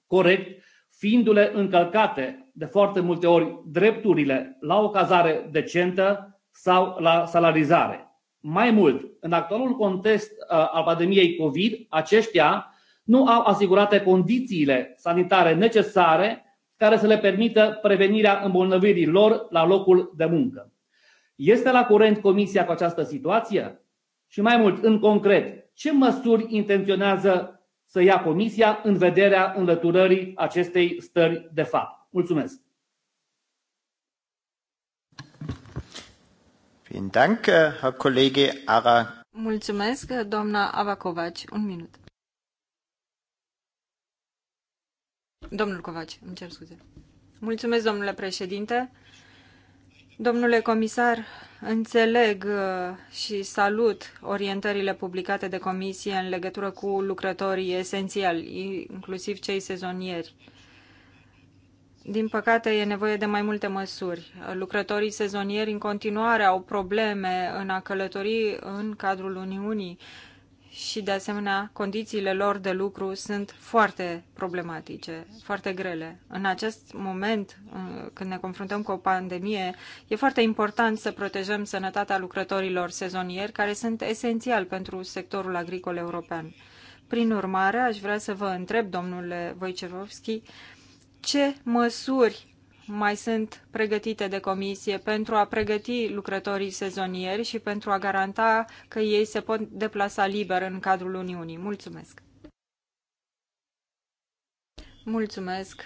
corect, fiindu-le încălcate de foarte multe ori drepturile la o cazare decentă sau la salarizare. Mai mult, în actualul context uh, al pandemiei COVID, aceștia nu au asigurate condițiile sanitare necesare care să le permită prevenirea îmbolnăvirii lor la locul de muncă. Este la curent Comisia cu această situație? Și mai mult, în concret, ce măsuri intenționează să ia Comisia în vederea înlăturării acestei stări de fapt? Mulțumesc! Äh, Mulțumesc, doamna Avacovaci. Un minut. Domnul Covaci, îmi cer scuze. Mulțumesc, domnule președinte. Domnule comisar, înțeleg uh, și salut orientările publicate de comisie în legătură cu lucrătorii esențiali, inclusiv cei sezonieri. Din păcate, e nevoie de mai multe măsuri. Lucrătorii sezonieri în continuare au probleme în a călători în cadrul Uniunii și, de asemenea, condițiile lor de lucru sunt foarte problematice, foarte grele. În acest moment, um, când ne confruntăm cu o pandemie, e foarte important să protejăm sănătatea lucrătorilor sezonieri, care sunt esențial pentru sectorul agricol european. Prin urmare, aș vrea să vă întreb, domnule Voicevovski, ce măsuri mai sunt pregătite de comisie pentru a pregăti lucrătorii sezonieri și pentru a garanta că ei se pot deplasa liber în cadrul Uniunii. Mulțumesc! Mulțumesc,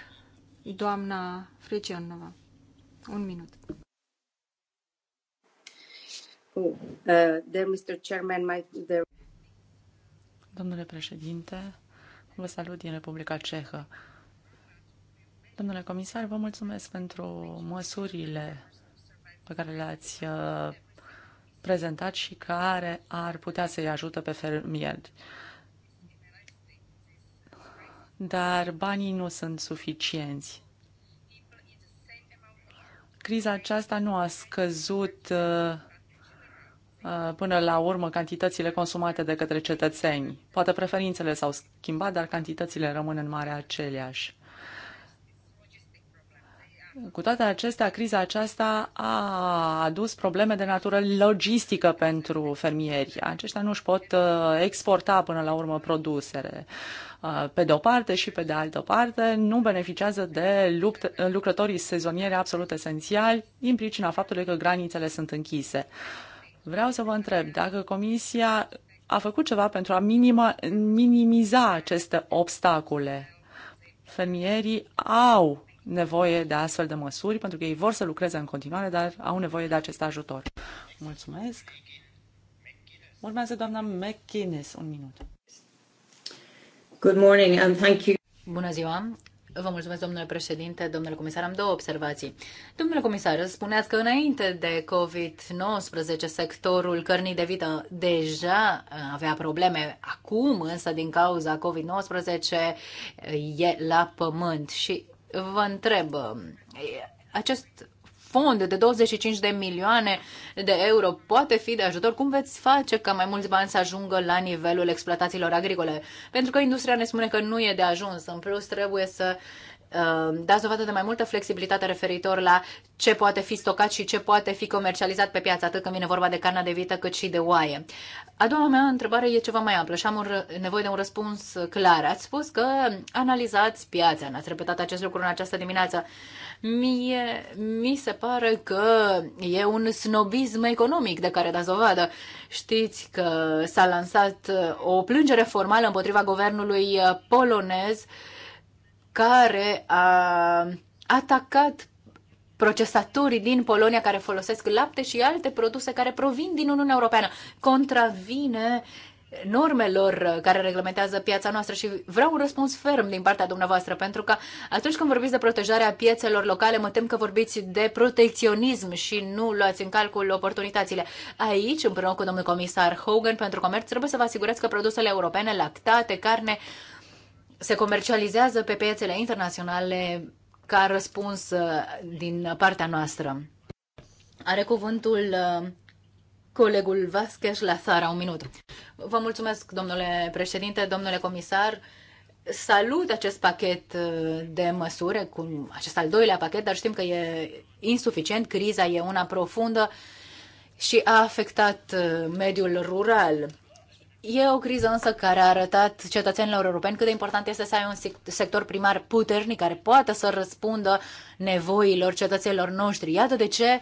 doamna Fricionova. Un minut. Oh, uh, Mr. Chairman, my, there... Domnule președinte, vă salut din Republica Cehă. Uh, Domnule comisar, vă mulțumesc pentru măsurile pe care le-ați uh, prezentat și care ar putea să-i ajute pe fermieri. Dar banii nu sunt suficienți. Criza aceasta nu a scăzut uh, uh, până la urmă cantitățile consumate de către cetățeni. Poate preferințele s-au schimbat, dar cantitățile rămân în mare aceleași. Cu toate acestea, criza aceasta a adus probleme de natură logistică pentru fermieri. Aceștia nu își pot uh, exporta până la urmă produsele. Uh, pe de o parte și pe de altă parte, nu beneficiază de lupt- lucrătorii sezonieri absolut esențiali din pricina faptului că granițele sunt închise. Vreau să vă întreb dacă Comisia a făcut ceva pentru a minima, minimiza aceste obstacole. Fermierii au nevoie de astfel de măsuri, pentru că ei vor să lucreze în continuare, dar au nevoie de acest ajutor. Mulțumesc! Urmează doamna McGuinness, un minut. Good morning and thank you. Bună ziua! Vă mulțumesc, domnule președinte, domnule comisar. Am două observații. Domnule comisar, spuneați că înainte de COVID-19, sectorul cărnii de vită deja uh, avea probleme. Acum, însă, din cauza COVID-19, e la pământ. Și vă întreb, acest fond de 25 de milioane de euro poate fi de ajutor, cum veți face ca mai mulți bani să ajungă la nivelul exploatațiilor agricole? Pentru că industria ne spune că nu e de ajuns. În plus, trebuie să Um, dați dovadă de mai multă flexibilitate referitor la ce poate fi stocat și ce poate fi comercializat pe piață, atât când vine vorba de carne de vită cât și de oaie. A doua mea întrebare e ceva mai amplă și am nevoie de un răspuns clar. Ați spus că analizați piața, n-ați repetat acest lucru în această dimineață. Mie, mi se pare că e un snobism economic de care dați dovadă. Știți că s-a lansat o plângere formală împotriva guvernului polonez uh, care a atacat procesatorii din Polonia care folosesc lapte și alte produse care provin din Uniunea Europeană. Contravine normelor care reglementează piața noastră și vreau un răspuns ferm din partea dumneavoastră, pentru că atunci când vorbiți de protejarea piețelor locale, mă tem că vorbiți de protecționism și nu luați în calcul oportunitățile. Aici, împreună cu domnul comisar Hogan pentru comerț, trebuie să vă asigurați că produsele europene, lactate, carne, uh, se comercializează pe piețele internaționale ca răspuns uh, din partea noastră. Are cuvântul uh, colegul Vasquez la țara, un minut. Vă mulțumesc, domnule președinte, domnule comisar. Salut acest pachet uh, de măsuri, cu acest al doilea pachet, dar știm că e insuficient, criza e una profundă și a afectat mediul rural. E o criză însă care a arătat cetățenilor europeni cât de important este să ai un sector primar puternic care poate să răspundă nevoilor cetățenilor noștri. Iată de ce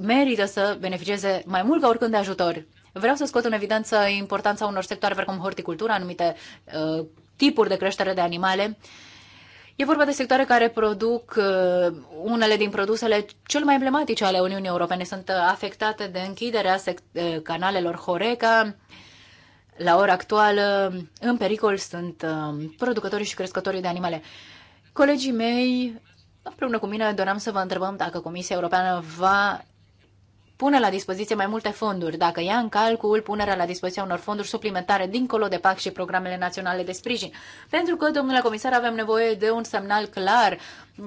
merită să beneficieze mai mult ca oricând de ajutor. Vreau să scot în evidență importanța unor sectoare precum horticultura, anumite uh, tipuri de creștere de animale. E vorba de sectoare care produc uh, unele din produsele cel mai emblematice ale Uniunii Europene. Sunt afectate de închiderea sect- uh, canalelor Horeca, uh, la ora actuală în pericol sunt um, producătorii și crescătorii de animale. Colegii mei, împreună cu mine, doream să vă întrebăm dacă Comisia Europeană va pune la dispoziție mai multe fonduri, dacă ia în calcul punerea la dispoziția unor fonduri suplimentare dincolo de PAC și programele naționale de sprijin. Pentru că, domnule comisar, avem nevoie de un semnal clar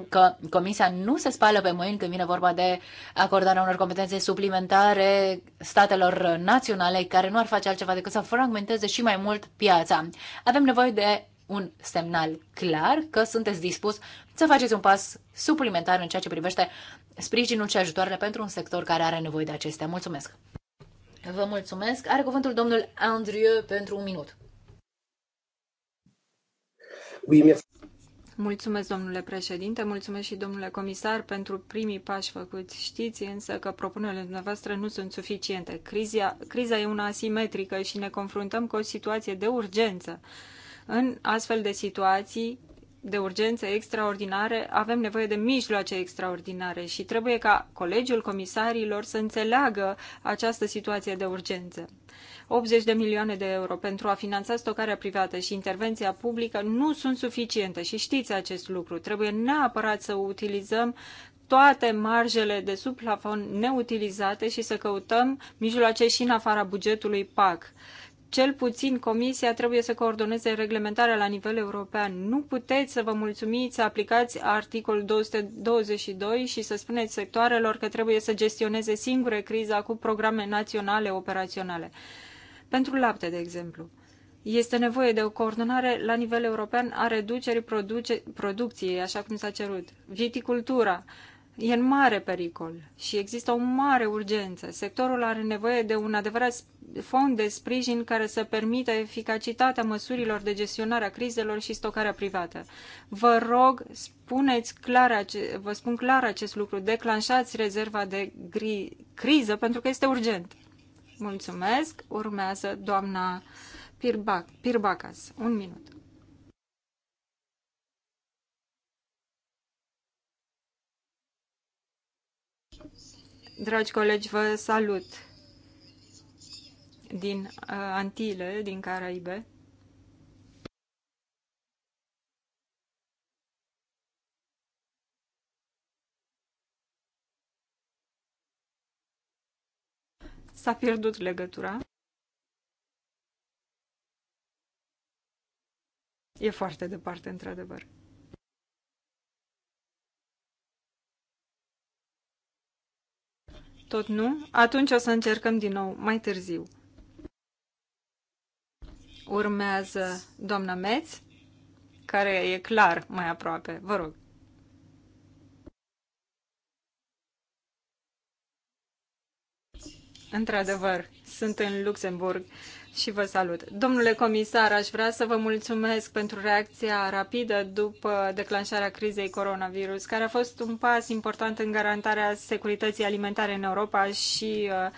că Comisia nu se spală pe mâini când vine vorba de acordarea unor competențe suplimentare statelor naționale care nu ar face altceva decât să fragmenteze și mai mult piața. Avem nevoie de un semnal clar că sunteți dispus să faceți un pas suplimentar în ceea ce privește sprijinul și ajutoarele pentru un sector care are nevoie de acestea. Mulțumesc! Vă mulțumesc! Are cuvântul domnul Andrieu pentru un minut. Mulțumesc, domnule președinte, mulțumesc și domnule comisar pentru primii pași făcuți. Știți însă că propunerile dumneavoastră nu sunt suficiente. Criza, criza e una asimetrică și ne confruntăm cu o situație de urgență. În astfel de situații, de urgențe extraordinare, avem nevoie de mijloace extraordinare și trebuie ca Colegiul Comisarilor să înțeleagă această situație de urgență. 80 de milioane de euro pentru a finanța stocarea privată și intervenția publică nu sunt suficiente și știți acest lucru. Trebuie neapărat să utilizăm toate marjele de sub plafon neutilizate și să căutăm mijloace și în afara bugetului PAC cel puțin Comisia trebuie să coordoneze reglementarea la nivel european. Nu puteți să vă mulțumiți să aplicați articolul 222 și să spuneți sectoarelor că trebuie să gestioneze singure criza cu programe naționale operaționale. Pentru lapte, de exemplu. Este nevoie de o coordonare la nivel european a reducerii produce, producției, așa cum s-a cerut. Viticultura e în mare pericol și există o mare urgență. Sectorul are nevoie de un adevărat fond de sprijin care să permită eficacitatea măsurilor de gestionare a crizelor și stocarea privată. Vă rog, spuneți clar, vă spun clar acest lucru, declanșați rezerva de gri, criză pentru că este urgent. Mulțumesc. Urmează doamna Pirbac, Pirbacas. Un minut. Dragi colegi, vă salut din uh, Antile, din Caraibe. S-a pierdut legătura. E foarte departe, într-adevăr. Tot nu? Atunci o să încercăm din nou, mai târziu. Urmează doamna Metz, care e clar mai aproape. Vă rog. Într-adevăr, sunt în Luxemburg și vă salut. Domnule comisar, aș vrea să vă mulțumesc pentru reacția rapidă după declanșarea crizei coronavirus, care a fost un pas important în garantarea securității alimentare în Europa și uh,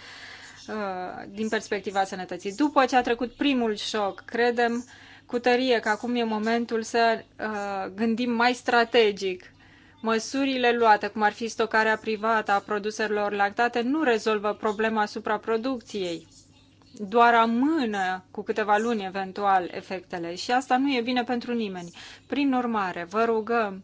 uh, din perspectiva sănătății. După ce a trecut primul șoc, credem cu tărie că acum e momentul să uh, gândim mai strategic Măsurile luate, cum ar fi stocarea privată a produselor lactate, nu rezolvă problema supraproducției doar amână cu câteva luni eventual efectele și asta nu e bine pentru nimeni. Prin urmare, vă rugăm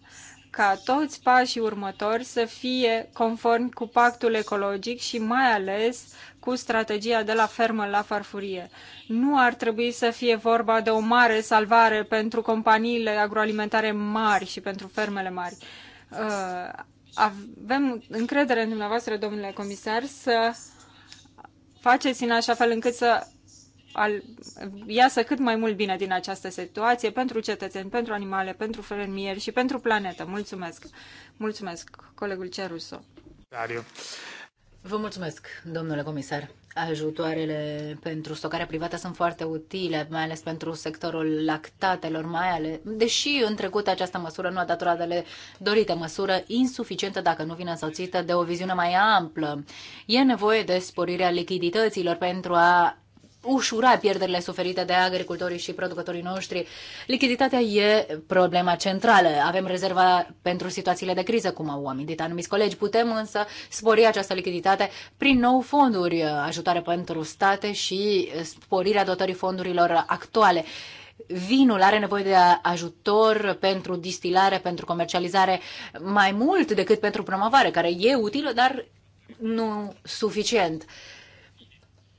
ca toți pașii următori să fie conform cu pactul ecologic și mai ales cu strategia de la fermă la farfurie. Nu ar trebui să fie vorba de o mare salvare pentru companiile agroalimentare mari și pentru fermele mari. Uh, avem încredere în dumneavoastră, domnule comisar, să faceți în așa fel încât să al, iasă cât mai mult bine din această situație pentru cetățeni, pentru animale, pentru fermieri și pentru planetă. Mulțumesc! Mulțumesc, colegul Ceruso. Dario. Vă mulțumesc, domnule comisar. Ajutoarele pentru stocarea privată sunt foarte utile, mai ales pentru sectorul lactatelor, mai ales, deși în trecut această măsură nu a dat roadele dorite, măsură insuficientă dacă nu vine însoțită de o viziune mai amplă. E nevoie de sporirea lichidităților pentru a ușura pierderile suferite de agricultorii și producătorii noștri. Lichiditatea e problema centrală. Avem rezerva pentru situațiile de criză, cum au amintit anumiți colegi. Putem însă spori această lichiditate prin nou fonduri, ajutare pentru state și sporirea dotării fondurilor actuale. Vinul are nevoie de ajutor pentru distilare, pentru comercializare, mai mult decât pentru promovare, care e utilă, dar nu suficient. Uh,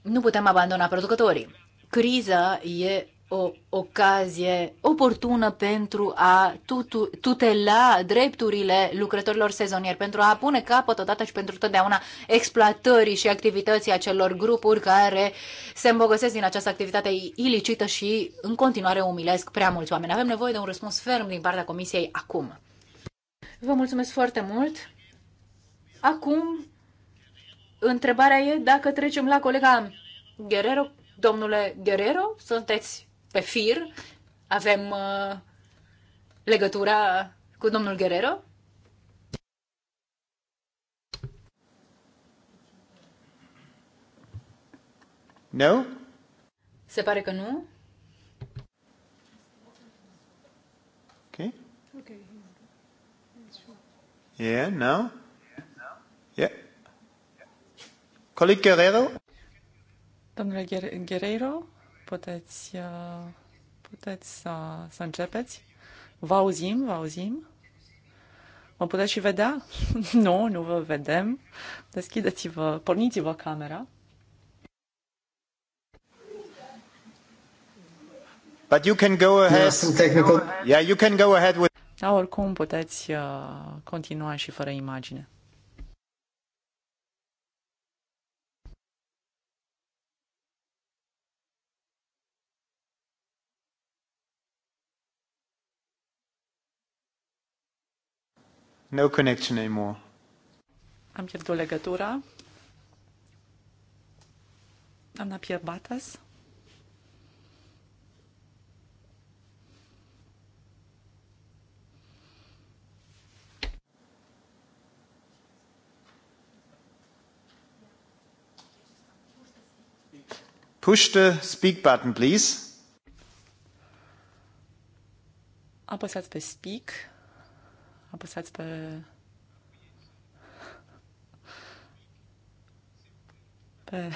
nu putem abandona producătorii. Criza e o ocazie oportună pentru a tutu- tutela drepturile lucrătorilor sezonieri, pentru a pune capăt odată și pentru totdeauna exploatării și activității acelor grupuri care se îmbogăsesc din această activitate ilicită și în continuare umilesc prea mulți oameni. Avem nevoie de un răspuns ferm din partea Comisiei acum. Vă mulțumesc foarte mult! Acum Întrebarea e dacă trecem la colega Guerrero. Domnule Guerrero, sunteți pe fir? Avem uh, legătura cu domnul Guerrero? No? Se pare că nu. Ok. Okay. Yeah, no? Yeah. Coleg Guerrero? Domnule Guerrero, puteți, uh, puteți să, să începeți? Vă auzim, vă auzim. Mă puteți și vedea? nu, nu vă vedem. Deschideți-vă, porniți-vă camera. But you can go ahead. Yeah, some technical... yeah you can go ahead with. Da, oricum puteți uh, continua și fără imagine. No connection anymore. Am pierdut legătura. Am n-a pierdut Push the speak button, please. Apăsați pe speak apăsați pe pe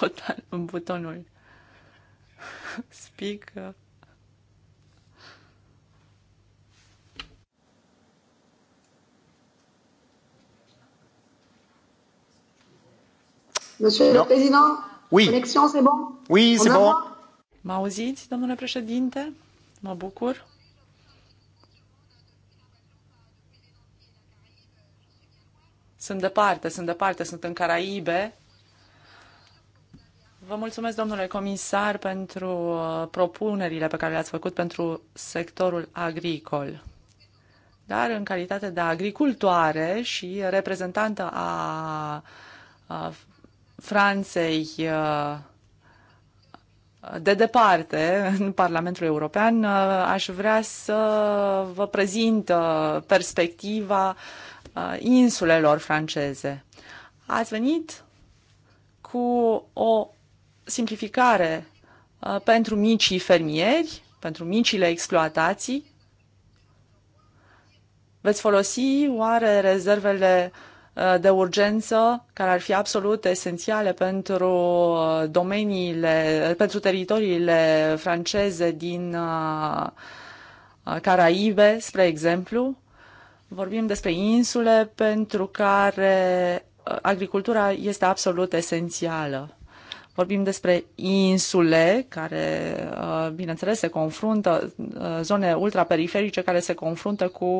buton, butonul speak. Monsieur no. le Président, oui. connexion, c'est bon? Oui, c'est bon. Mă auziți, domnule președinte? Mă bucur. Sunt departe, sunt departe, sunt în Caraibe. Vă mulțumesc, domnule comisar, pentru uh, propunerile pe care le-ați făcut pentru sectorul agricol. Dar în calitate de agricultoare și reprezentantă a, a Franței uh, de departe în Parlamentul European, uh, aș vrea să vă prezint perspectiva Uh, insulelor franceze. Ați venit cu o simplificare uh, pentru micii fermieri, pentru micile exploatații. Veți folosi oare rezervele uh, de urgență care ar fi absolut esențiale pentru domeniile, pentru teritoriile franceze din Caraibe, spre exemplu? Vorbim despre insule pentru care uh, agricultura este absolut esențială. Vorbim despre insule care, uh, bineînțeles, se confruntă, uh, zone ultraperiferice care se confruntă cu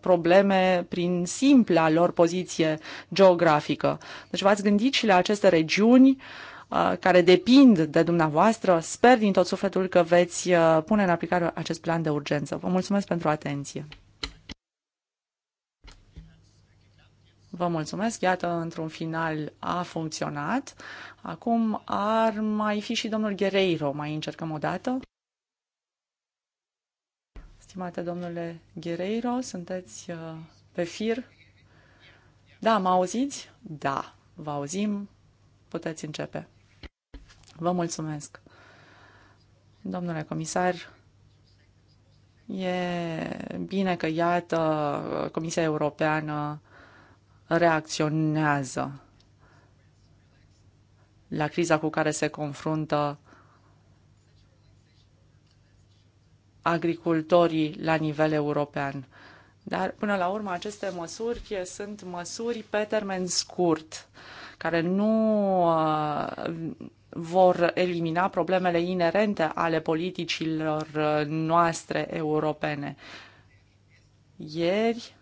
probleme prin simpla lor poziție geografică. Deci v-ați gândit și la aceste regiuni care depind de dumneavoastră. Sper din tot sufletul că veți pune în aplicare acest plan de urgență. Vă mulțumesc pentru atenție. Vă mulțumesc, iată, într-un final a funcționat. Acum ar mai fi și domnul Guerreiro, mai încercăm o dată. Stimate domnule Guerreiro, sunteți uh, pe fir? Da, mă auziți? Da, vă auzim, puteți începe. Vă mulțumesc. Domnule comisar, E bine că, iată, Comisia Europeană reacționează la criza cu care se confruntă agricultorii la nivel european. Dar, până la urmă, aceste măsuri sunt măsuri pe termen scurt, care nu uh, vor elimina problemele inerente ale politicilor uh, noastre europene. Ieri,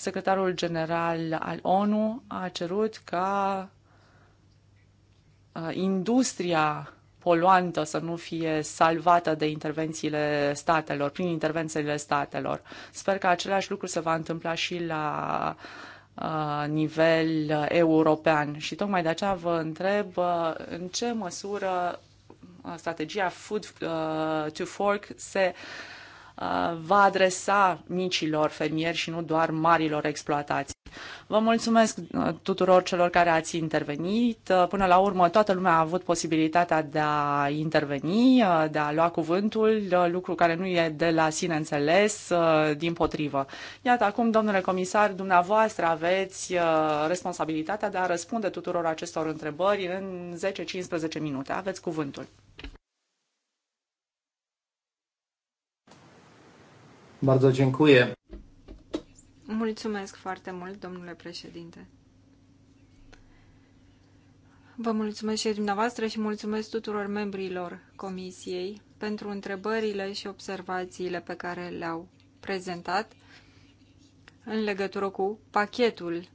Secretarul General al ONU a cerut ca uh, industria poluantă să nu fie salvată de intervențiile statelor, prin intervențiile statelor. Sper că același lucru se va întâmpla și la uh, nivel european și tocmai de aceea vă întreb uh, în ce măsură strategia Food to Fork se uh, Uh, va adresa micilor fermieri și nu doar marilor exploatații. Vă mulțumesc uh, tuturor celor care ați intervenit. Uh, până la urmă, toată lumea a avut posibilitatea de a interveni, de a lua cuvântul, lucru care nu e de la sine înțeles, din potrivă. Iată, acum, domnule comisar, dumneavoastră aveți responsabilitatea de a răspunde tuturor acestor întrebări în 10-15 minute. Aveți cuvântul. Bardzo dziękuję. Mulțumesc foarte mult, domnule președinte. Vă mulțumesc și dumneavoastră și mulțumesc tuturor membrilor comisiei pentru întrebările și observațiile pe care le-au prezentat în legătură cu pachetul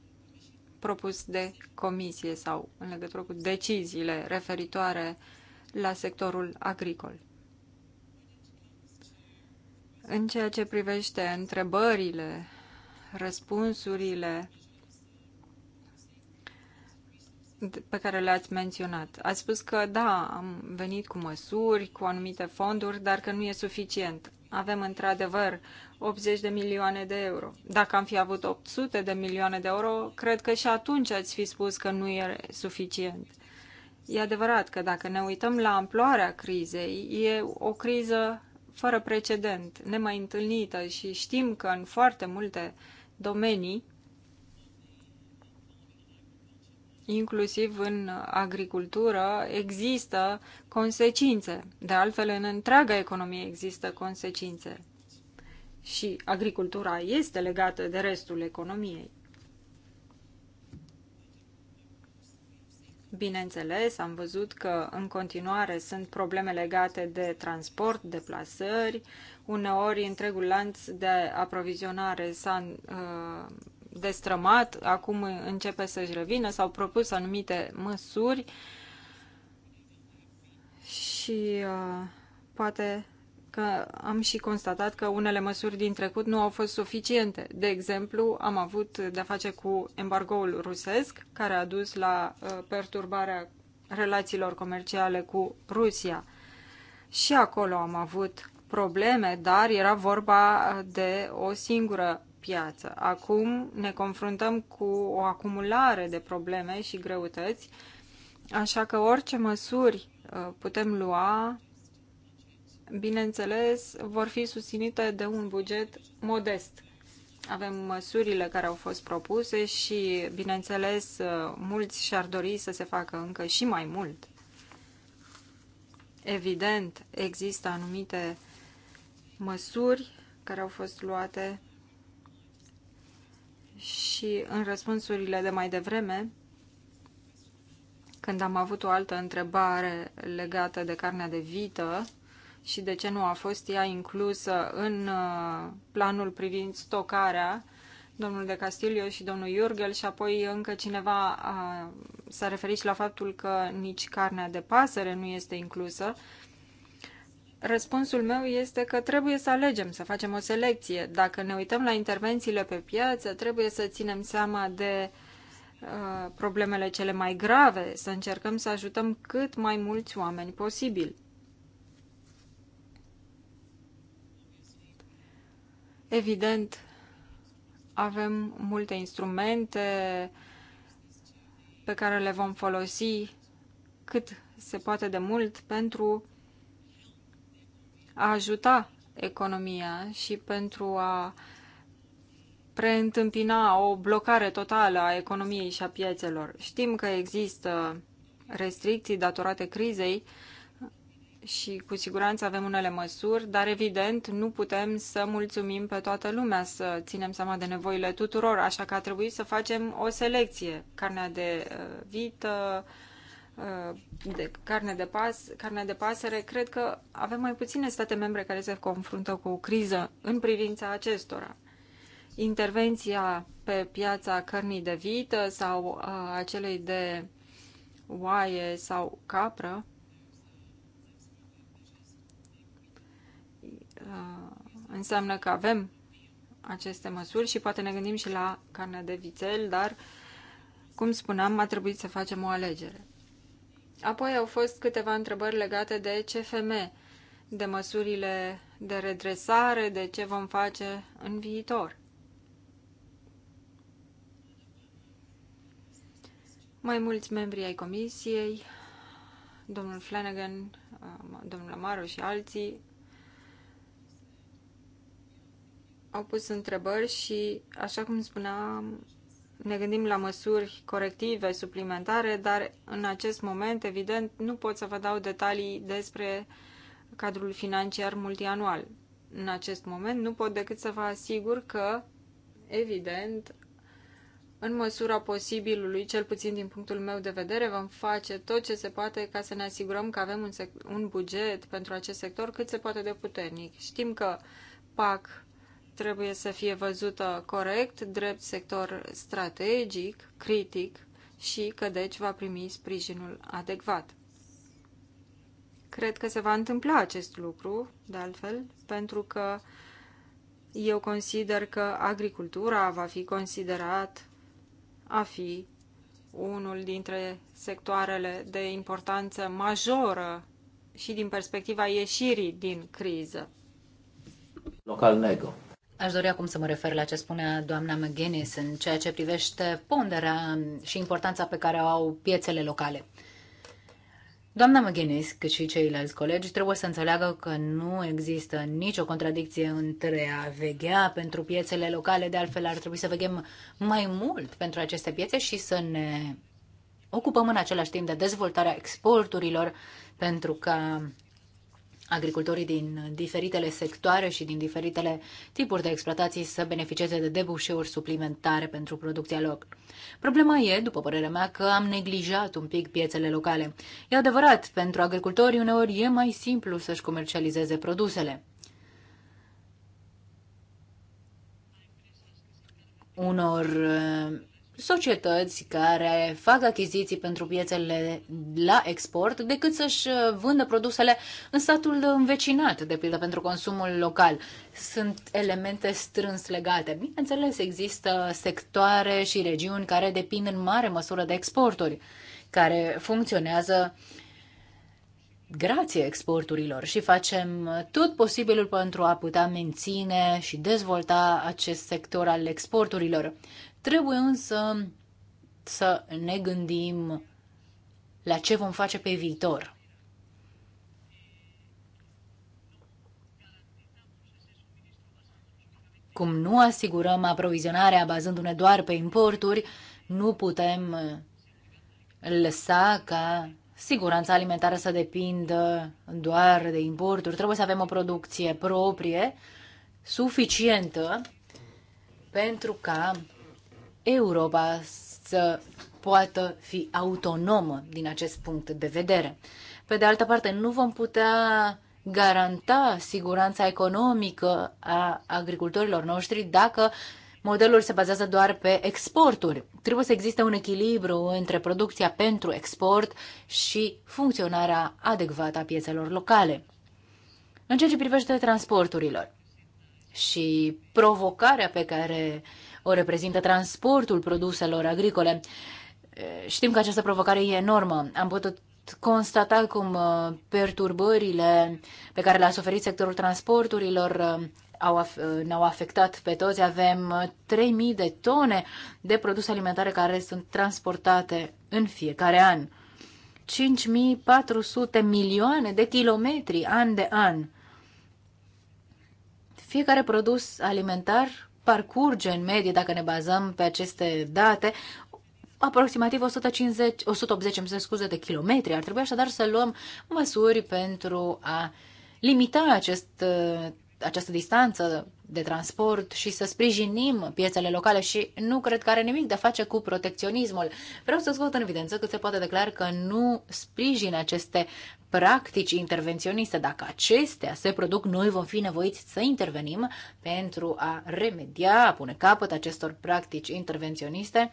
propus de comisie sau în legătură cu deciziile referitoare la sectorul agricol. În ceea ce privește întrebările, răspunsurile pe care le-ați menționat, ați spus că da, am venit cu măsuri, cu anumite fonduri, dar că nu e suficient. Avem într-adevăr 80 de milioane de euro. Dacă am fi avut 800 de milioane de euro, cred că și atunci ați fi spus că nu e suficient. E adevărat că dacă ne uităm la amploarea crizei, e o criză fără precedent, nemai întâlnită și știm că în foarte multe domenii, inclusiv în agricultură, există consecințe. De altfel, în întreaga economie există consecințe. Și agricultura este legată de restul economiei. Bineînțeles, am văzut că în continuare sunt probleme legate de transport, deplasări, uneori întregul lanț de aprovizionare s-a uh, destrămat, acum începe să-și revină, s-au propus anumite măsuri și uh, poate că am și constatat că unele măsuri din trecut nu au fost suficiente. De exemplu, am avut de-a face cu embargoul rusesc, care a dus la uh, perturbarea relațiilor comerciale cu Rusia. Și acolo am avut probleme, dar era vorba de o singură piață. Acum ne confruntăm cu o acumulare de probleme și greutăți, așa că orice măsuri uh, putem lua bineînțeles, vor fi susținute de un buget modest. Avem măsurile care au fost propuse și, bineînțeles, mulți și-ar dori să se facă încă și mai mult. Evident, există anumite măsuri care au fost luate și în răspunsurile de mai devreme, când am avut o altă întrebare legată de carnea de vită, și de ce nu a fost ea inclusă în uh, planul privind stocarea, domnul de Castilio și domnul Iurgel și apoi încă cineva uh, s-a referit și la faptul că nici carnea de pasăre nu este inclusă. Răspunsul meu este că trebuie să alegem, să facem o selecție. Dacă ne uităm la intervențiile pe piață, trebuie să ținem seama de uh, problemele cele mai grave, să încercăm să ajutăm cât mai mulți oameni posibil. Evident, avem multe instrumente pe care le vom folosi cât se poate de mult pentru a ajuta economia și pentru a preîntâmpina o blocare totală a economiei și a piețelor. Știm că există restricții datorate crizei, și cu siguranță avem unele măsuri, dar evident nu putem să mulțumim pe toată lumea, să ținem seama de nevoile tuturor, așa că a trebuit să facem o selecție. Carnea de uh, vită, uh, de carne de, pas, carne de pasăre, cred că avem mai puține state membre care se confruntă cu o criză în privința acestora. Intervenția pe piața cărnii de vită sau uh, a celei de oaie sau capră Uh, înseamnă că avem aceste măsuri și poate ne gândim și la carne de vițel, dar, cum spuneam, a trebuit să facem o alegere. Apoi au fost câteva întrebări legate de CFM, de măsurile de redresare, de ce vom face în viitor. Mai mulți membri ai comisiei, domnul Flanagan, uh, domnul Amaro și alții, au pus întrebări și, așa cum spuneam, ne gândim la măsuri corective, suplimentare, dar în acest moment, evident, nu pot să vă dau detalii despre cadrul financiar multianual. În acest moment nu pot decât să vă asigur că, evident, în măsura posibilului, cel puțin din punctul meu de vedere, vom face tot ce se poate ca să ne asigurăm că avem un, un buget pentru acest sector cât se poate de puternic. Știm că PAC trebuie să fie văzută corect, drept sector strategic, critic și că deci va primi sprijinul adecvat. Cred că se va întâmpla acest lucru, de altfel, pentru că eu consider că agricultura va fi considerat a fi unul dintre sectoarele de importanță majoră și din perspectiva ieșirii din criză. Local Nego. Aș dori acum să mă refer la ce spunea doamna McGuinness în ceea ce privește ponderea și importanța pe care o au piețele locale. Doamna McGuinness, cât și ceilalți colegi, trebuie să înțeleagă că nu există nicio contradicție între a veghea pentru piețele locale, de altfel ar trebui să veghem mai mult pentru aceste piețe și să ne ocupăm în același timp de dezvoltarea exporturilor pentru ca agricultorii din diferitele sectoare și din diferitele tipuri de exploatații să beneficieze de debușeuri suplimentare pentru producția lor. Problema e, după părerea mea, că am neglijat un pic piețele locale. E adevărat, pentru agricultori uneori e mai simplu să-și comercializeze produsele. Unor societăți care fac achiziții pentru piețele la export decât să-și uh, vândă produsele în statul învecinat, de pildă pentru consumul local. Sunt elemente strâns legate. Bineînțeles, există sectoare și regiuni care depind în mare măsură de exporturi, care funcționează grație exporturilor și facem tot posibilul pentru a putea menține și dezvolta acest sector al exporturilor. Trebuie însă să ne gândim la ce vom face pe viitor. Cum nu asigurăm aprovizionarea bazându-ne doar pe importuri, nu putem uh, lăsa ca siguranța alimentară să depindă doar de importuri. Trebuie să avem o producție proprie, suficientă, pentru ca Europa să poată fi autonomă din acest punct de vedere. Pe de altă parte, nu vom putea garanta siguranța economică a agricultorilor noștri dacă modelul se bazează doar pe exporturi. Trebuie să existe un echilibru între producția pentru export și funcționarea adecvată a piețelor locale. În ceea ce privește transporturilor și provocarea pe care uh, o reprezintă transportul produselor agricole. Știm că această provocare e enormă. Am putut constata cum perturbările pe care le-a suferit sectorul transporturilor au, ne-au afectat pe toți. Avem 3000 de tone de produse alimentare care sunt transportate în fiecare an. 5400 milioane de kilometri an de an. Fiecare produs alimentar parcurge în medie, dacă ne bazăm pe aceste date, aproximativ 150, 180 îmi scuze, de kilometri. Ar trebui așadar să luăm măsuri pentru a limita acest această distanță de transport și să sprijinim piețele locale și nu cred că are nimic de a face cu protecționismul. Vreau să scot în evidență că se poate declar că nu sprijin aceste practici intervenționiste. Dacă acestea se produc, noi vom fi nevoiți să intervenim pentru a remedia, a pune capăt acestor practici intervenționiste.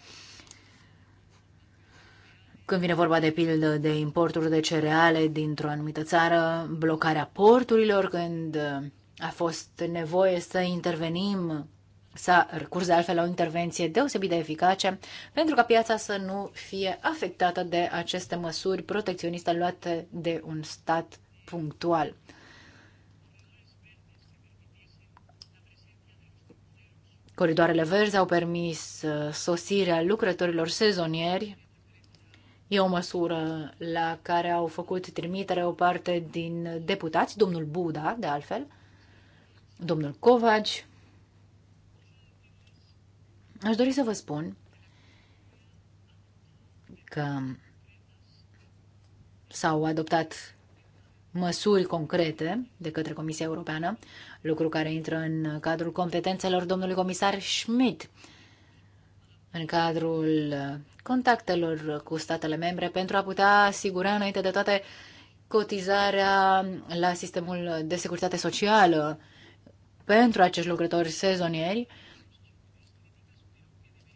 Când vine vorba de pildă de importuri de cereale dintr-o anumită țară, blocarea porturilor, când a fost nevoie să intervenim, să recurs de altfel la o intervenție deosebit de eficace pentru ca piața să nu fie afectată de aceste măsuri protecționiste luate de un stat punctual. Coridoarele verzi au permis uh, sosirea lucrătorilor sezonieri. E o măsură la care au făcut trimitere o parte din deputați, domnul Buda, de altfel domnul Covaci. Aș dori să vă spun că s-au adoptat măsuri concrete de către Comisia Europeană, lucru care intră în cadrul competențelor domnului comisar Schmidt, în cadrul contactelor cu statele membre pentru a putea asigura înainte de toate cotizarea la sistemul de securitate socială pentru acești lucrători sezonieri.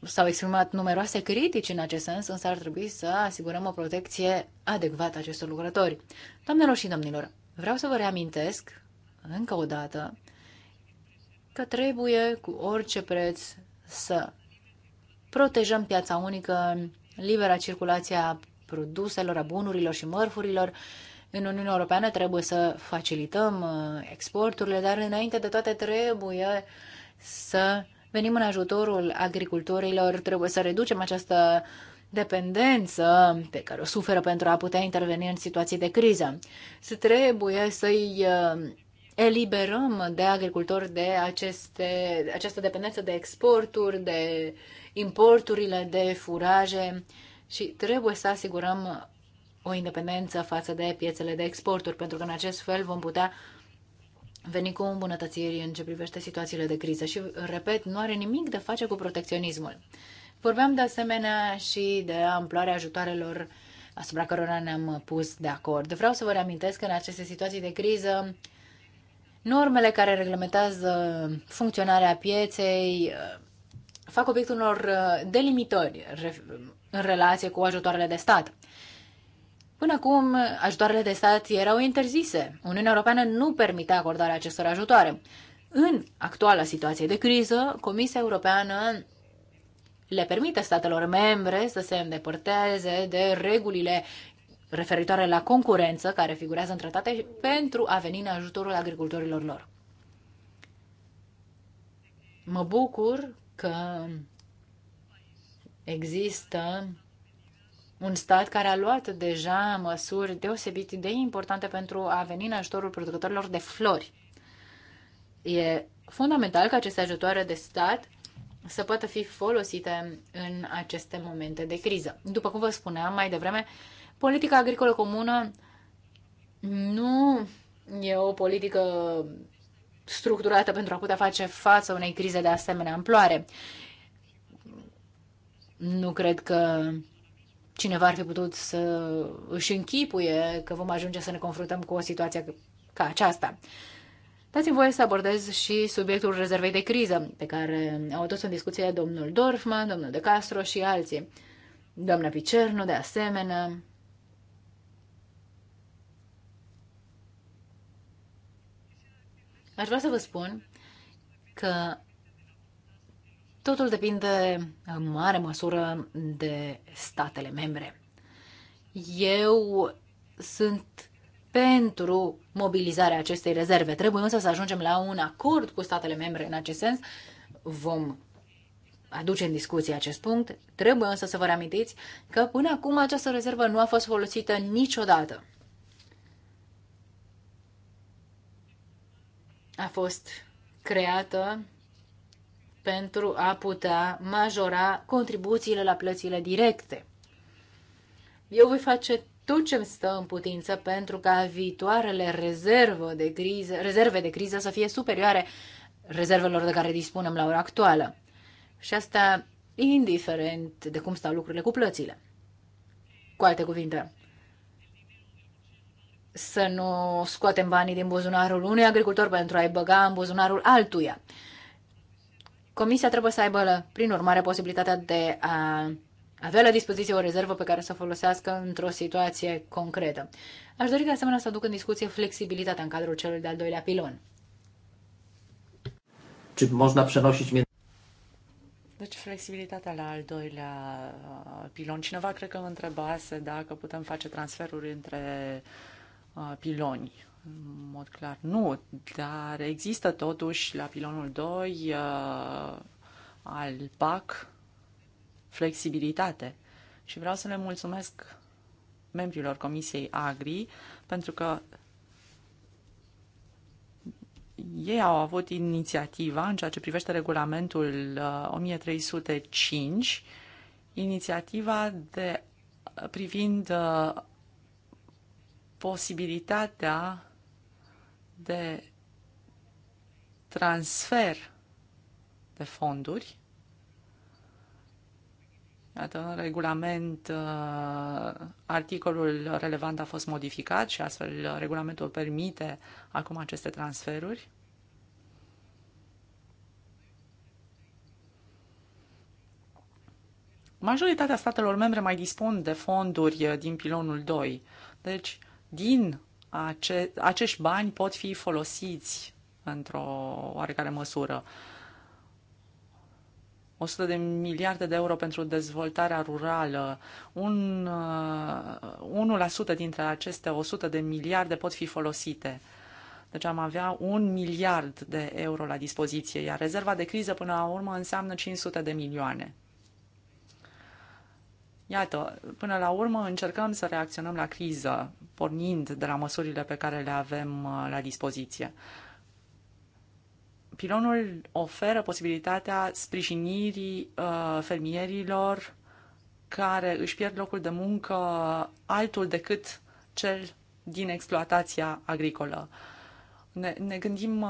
S-au exprimat numeroase critici în acest sens, însă ar trebui să asigurăm o protecție adecvată acestor lucrători. Doamnelor și domnilor, vreau să vă reamintesc încă o dată că trebuie cu orice preț să protejăm piața unică, libera circulație a produselor, a bunurilor și mărfurilor, în Uniunea Europeană trebuie să facilităm uh, exporturile, dar înainte de toate trebuie să venim în ajutorul agricultorilor, trebuie să reducem această dependență pe care o suferă pentru a putea interveni în situații de criză. Se trebuie să-i uh, eliberăm de agricultori de aceste, această dependență de exporturi, de importurile de furaje și trebuie să asigurăm o independență față de piețele de exporturi, pentru că în acest fel vom putea veni cu îmbunătățiri în ce privește situațiile de criză și, repet, nu are nimic de face cu protecționismul. Vorbeam de asemenea și de amploarea ajutoarelor asupra cărora ne-am pus de acord. Vreau să vă reamintesc că în aceste situații de criză normele care reglementează funcționarea pieței fac obiectul unor uh, delimitări în relație cu ajutoarele de stat. Până acum, ajutoarele de stat erau interzise. Uniunea Europeană nu permitea acordarea acestor ajutoare. În actuala situație de criză, Comisia Europeană le permite statelor membre să se îndepărteze de regulile referitoare la concurență care figurează în tratate pentru a veni în ajutorul agricultorilor lor. Mă bucur că există un stat care a luat deja măsuri deosebit de importante pentru a veni în ajutorul producătorilor de flori. E fundamental ca aceste ajutoare de stat să poată fi folosite în aceste momente de criză. După cum vă spuneam mai devreme, politica agricolă comună nu e o politică structurată pentru a putea face față unei crize de asemenea amploare. Nu cred că Cineva ar fi putut să își închipuie că vom ajunge să ne confruntăm cu o situație ca aceasta. Dați-mi voie să abordez și subiectul rezervei de criză, pe care au adus în discuție domnul Dorfman, domnul De Castro și alții. Doamna Picernu, de asemenea. Aș vrea să vă spun că Totul depinde în mare măsură de statele membre. Eu sunt pentru mobilizarea acestei rezerve. Trebuie însă să ajungem la un acord cu statele membre în acest sens. Vom aduce în discuție acest punct. Trebuie însă să vă reamintiți că până acum această rezervă nu a fost folosită niciodată. A fost creată pentru a putea majora contribuțiile la plățile directe. Eu voi face tot ce-mi stă în putință pentru ca viitoarele rezervă de criză, rezerve de criză să fie superioare rezervelor de care dispunem la ora actuală. Și asta indiferent de cum stau lucrurile cu plățile. Cu alte cuvinte, să nu scoatem banii din buzunarul unui agricultor pentru a-i băga în buzunarul altuia. Comisia trebuie să aibă, prin urmare, posibilitatea de a avea la dispoziție o rezervă pe care să o folosească într-o situație concretă. Aș dori de asemenea să aduc în discuție flexibilitatea în cadrul celui de-al doilea pilon. Czy można przenosić Deci flexibilitatea la al doilea uh, pilon. Cineva cred că întrebase dacă putem face transferuri între uh, piloni. În mod clar nu, dar există totuși la pilonul 2 uh, al PAC flexibilitate. Și vreau să le mulțumesc membrilor Comisiei Agri pentru că ei au avut inițiativa în ceea ce privește regulamentul 1305, uh, inițiativa de privind uh, posibilitatea de transfer de fonduri. Iată, în regulament uh, articolul relevant a fost modificat și astfel regulamentul permite acum aceste transferuri. Majoritatea statelor membre mai dispun de fonduri uh, din pilonul 2. Deci, din ace- acești bani pot fi folosiți într-o oarecare măsură. 100 de miliarde de euro pentru dezvoltarea rurală. Un, 1% uh, dintre aceste 100 de miliarde pot fi folosite. Deci am avea un miliard de euro la dispoziție, iar rezerva de criză până la urmă înseamnă 500 de milioane. Iată, până la urmă încercăm să reacționăm la criză, pornind de la măsurile pe care le avem uh, la dispoziție. Pilonul oferă posibilitatea sprijinirii uh, fermierilor care își pierd locul de muncă altul decât cel din exploatația agricolă. Uh, ne, ne gândim, uh,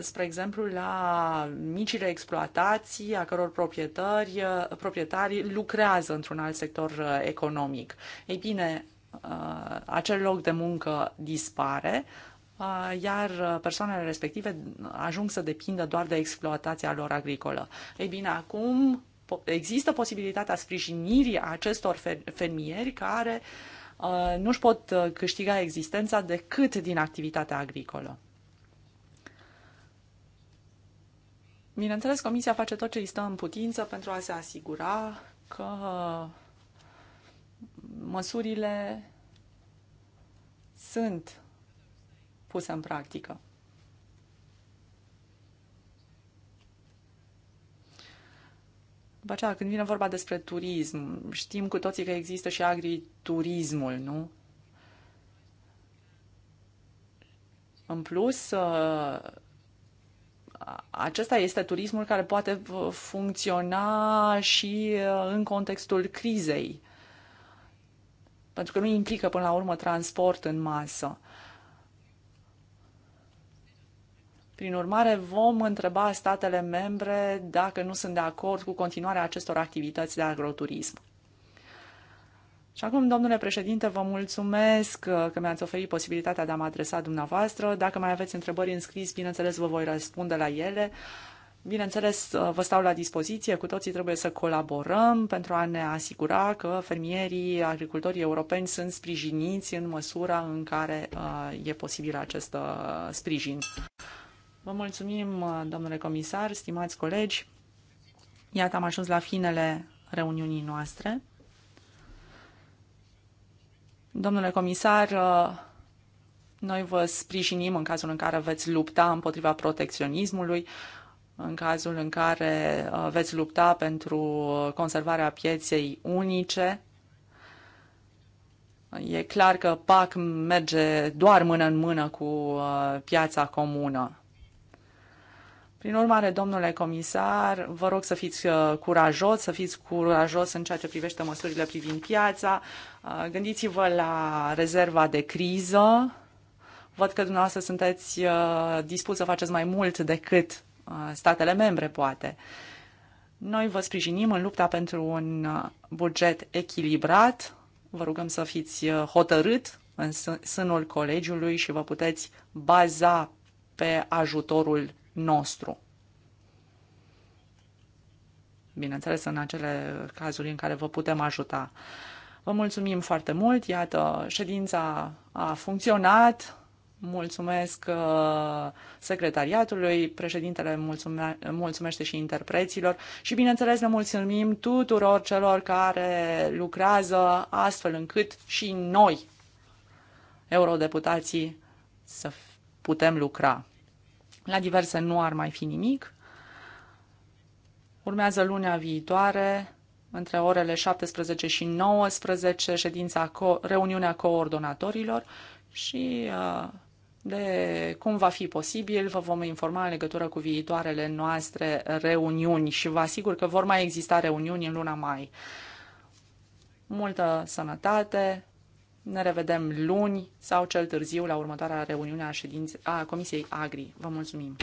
spre exemplu, la micile exploatații a căror proprietari, uh, proprietari lucrează într-un alt sector uh, economic. Ei bine, acel loc de muncă dispare, iar persoanele respective ajung să depindă doar de exploatația lor agricolă. Ei bine, acum există posibilitatea sprijinirii acestor fermieri care nu și pot câștiga existența decât din activitatea agricolă. Bineînțeles, Comisia face tot ce îi stă în putință pentru a se asigura că măsurile sunt puse în practică. După aceea, când vine vorba despre turism, știm cu toții că există și agriturismul, nu? În plus, acesta este turismul care poate uh, funcționa și uh, în contextul crizei, pentru că nu implică până la urmă transport în masă. Prin urmare, vom întreba statele membre dacă nu sunt de acord cu continuarea acestor activități de agroturism. Și acum, domnule președinte, vă mulțumesc uh, că mi-ați oferit posibilitatea de a mă adresa dumneavoastră. Dacă mai aveți întrebări înscris, bineînțeles, vă voi răspunde la ele. Bineînțeles, uh, vă stau la dispoziție, cu toții trebuie să colaborăm pentru a ne asigura că fermierii, agricultorii europeni sunt sprijiniți în măsura în care uh, e posibil acest sprijin. Vă mulțumim, domnule comisar, stimați colegi. Iată, am ajuns la finele reuniunii noastre. Domnule comisar, uh, noi vă sprijinim în cazul în care veți lupta împotriva protecționismului, în cazul în care uh, veți lupta pentru conservarea pieței unice. E clar că PAC merge doar mână în mână cu uh, piața comună. Prin urmare, domnule comisar, vă rog să fiți uh, curajos, să fiți curajos în ceea ce privește măsurile privind piața. Uh, gândiți-vă la rezerva de criză. Văd că dumneavoastră sunteți uh, dispus să faceți mai mult decât statele membre, poate. Noi vă sprijinim în lupta pentru un buget echilibrat. Vă rugăm să fiți hotărât în sânul colegiului și vă puteți baza pe ajutorul nostru. Bineînțeles, în acele cazuri în care vă putem ajuta. Vă mulțumim foarte mult. Iată, ședința a funcționat. Mulțumesc uh, secretariatului, președintele mulțume, mulțumește și interpreților și, bineînțeles, ne mulțumim tuturor celor care lucrează astfel încât și noi, eurodeputații, să putem lucra. La diverse nu ar mai fi nimic. Urmează lunea viitoare, între orele 17 și 19, ședința, reuniunea coordonatorilor și uh, de cum va fi posibil, vă vom informa în legătură cu viitoarele noastre reuniuni și vă asigur că vor mai exista reuniuni în luna mai. Multă sănătate, ne revedem luni sau cel târziu la următoarea reuniune a, ședinț- a Comisiei Agri. Vă mulțumim!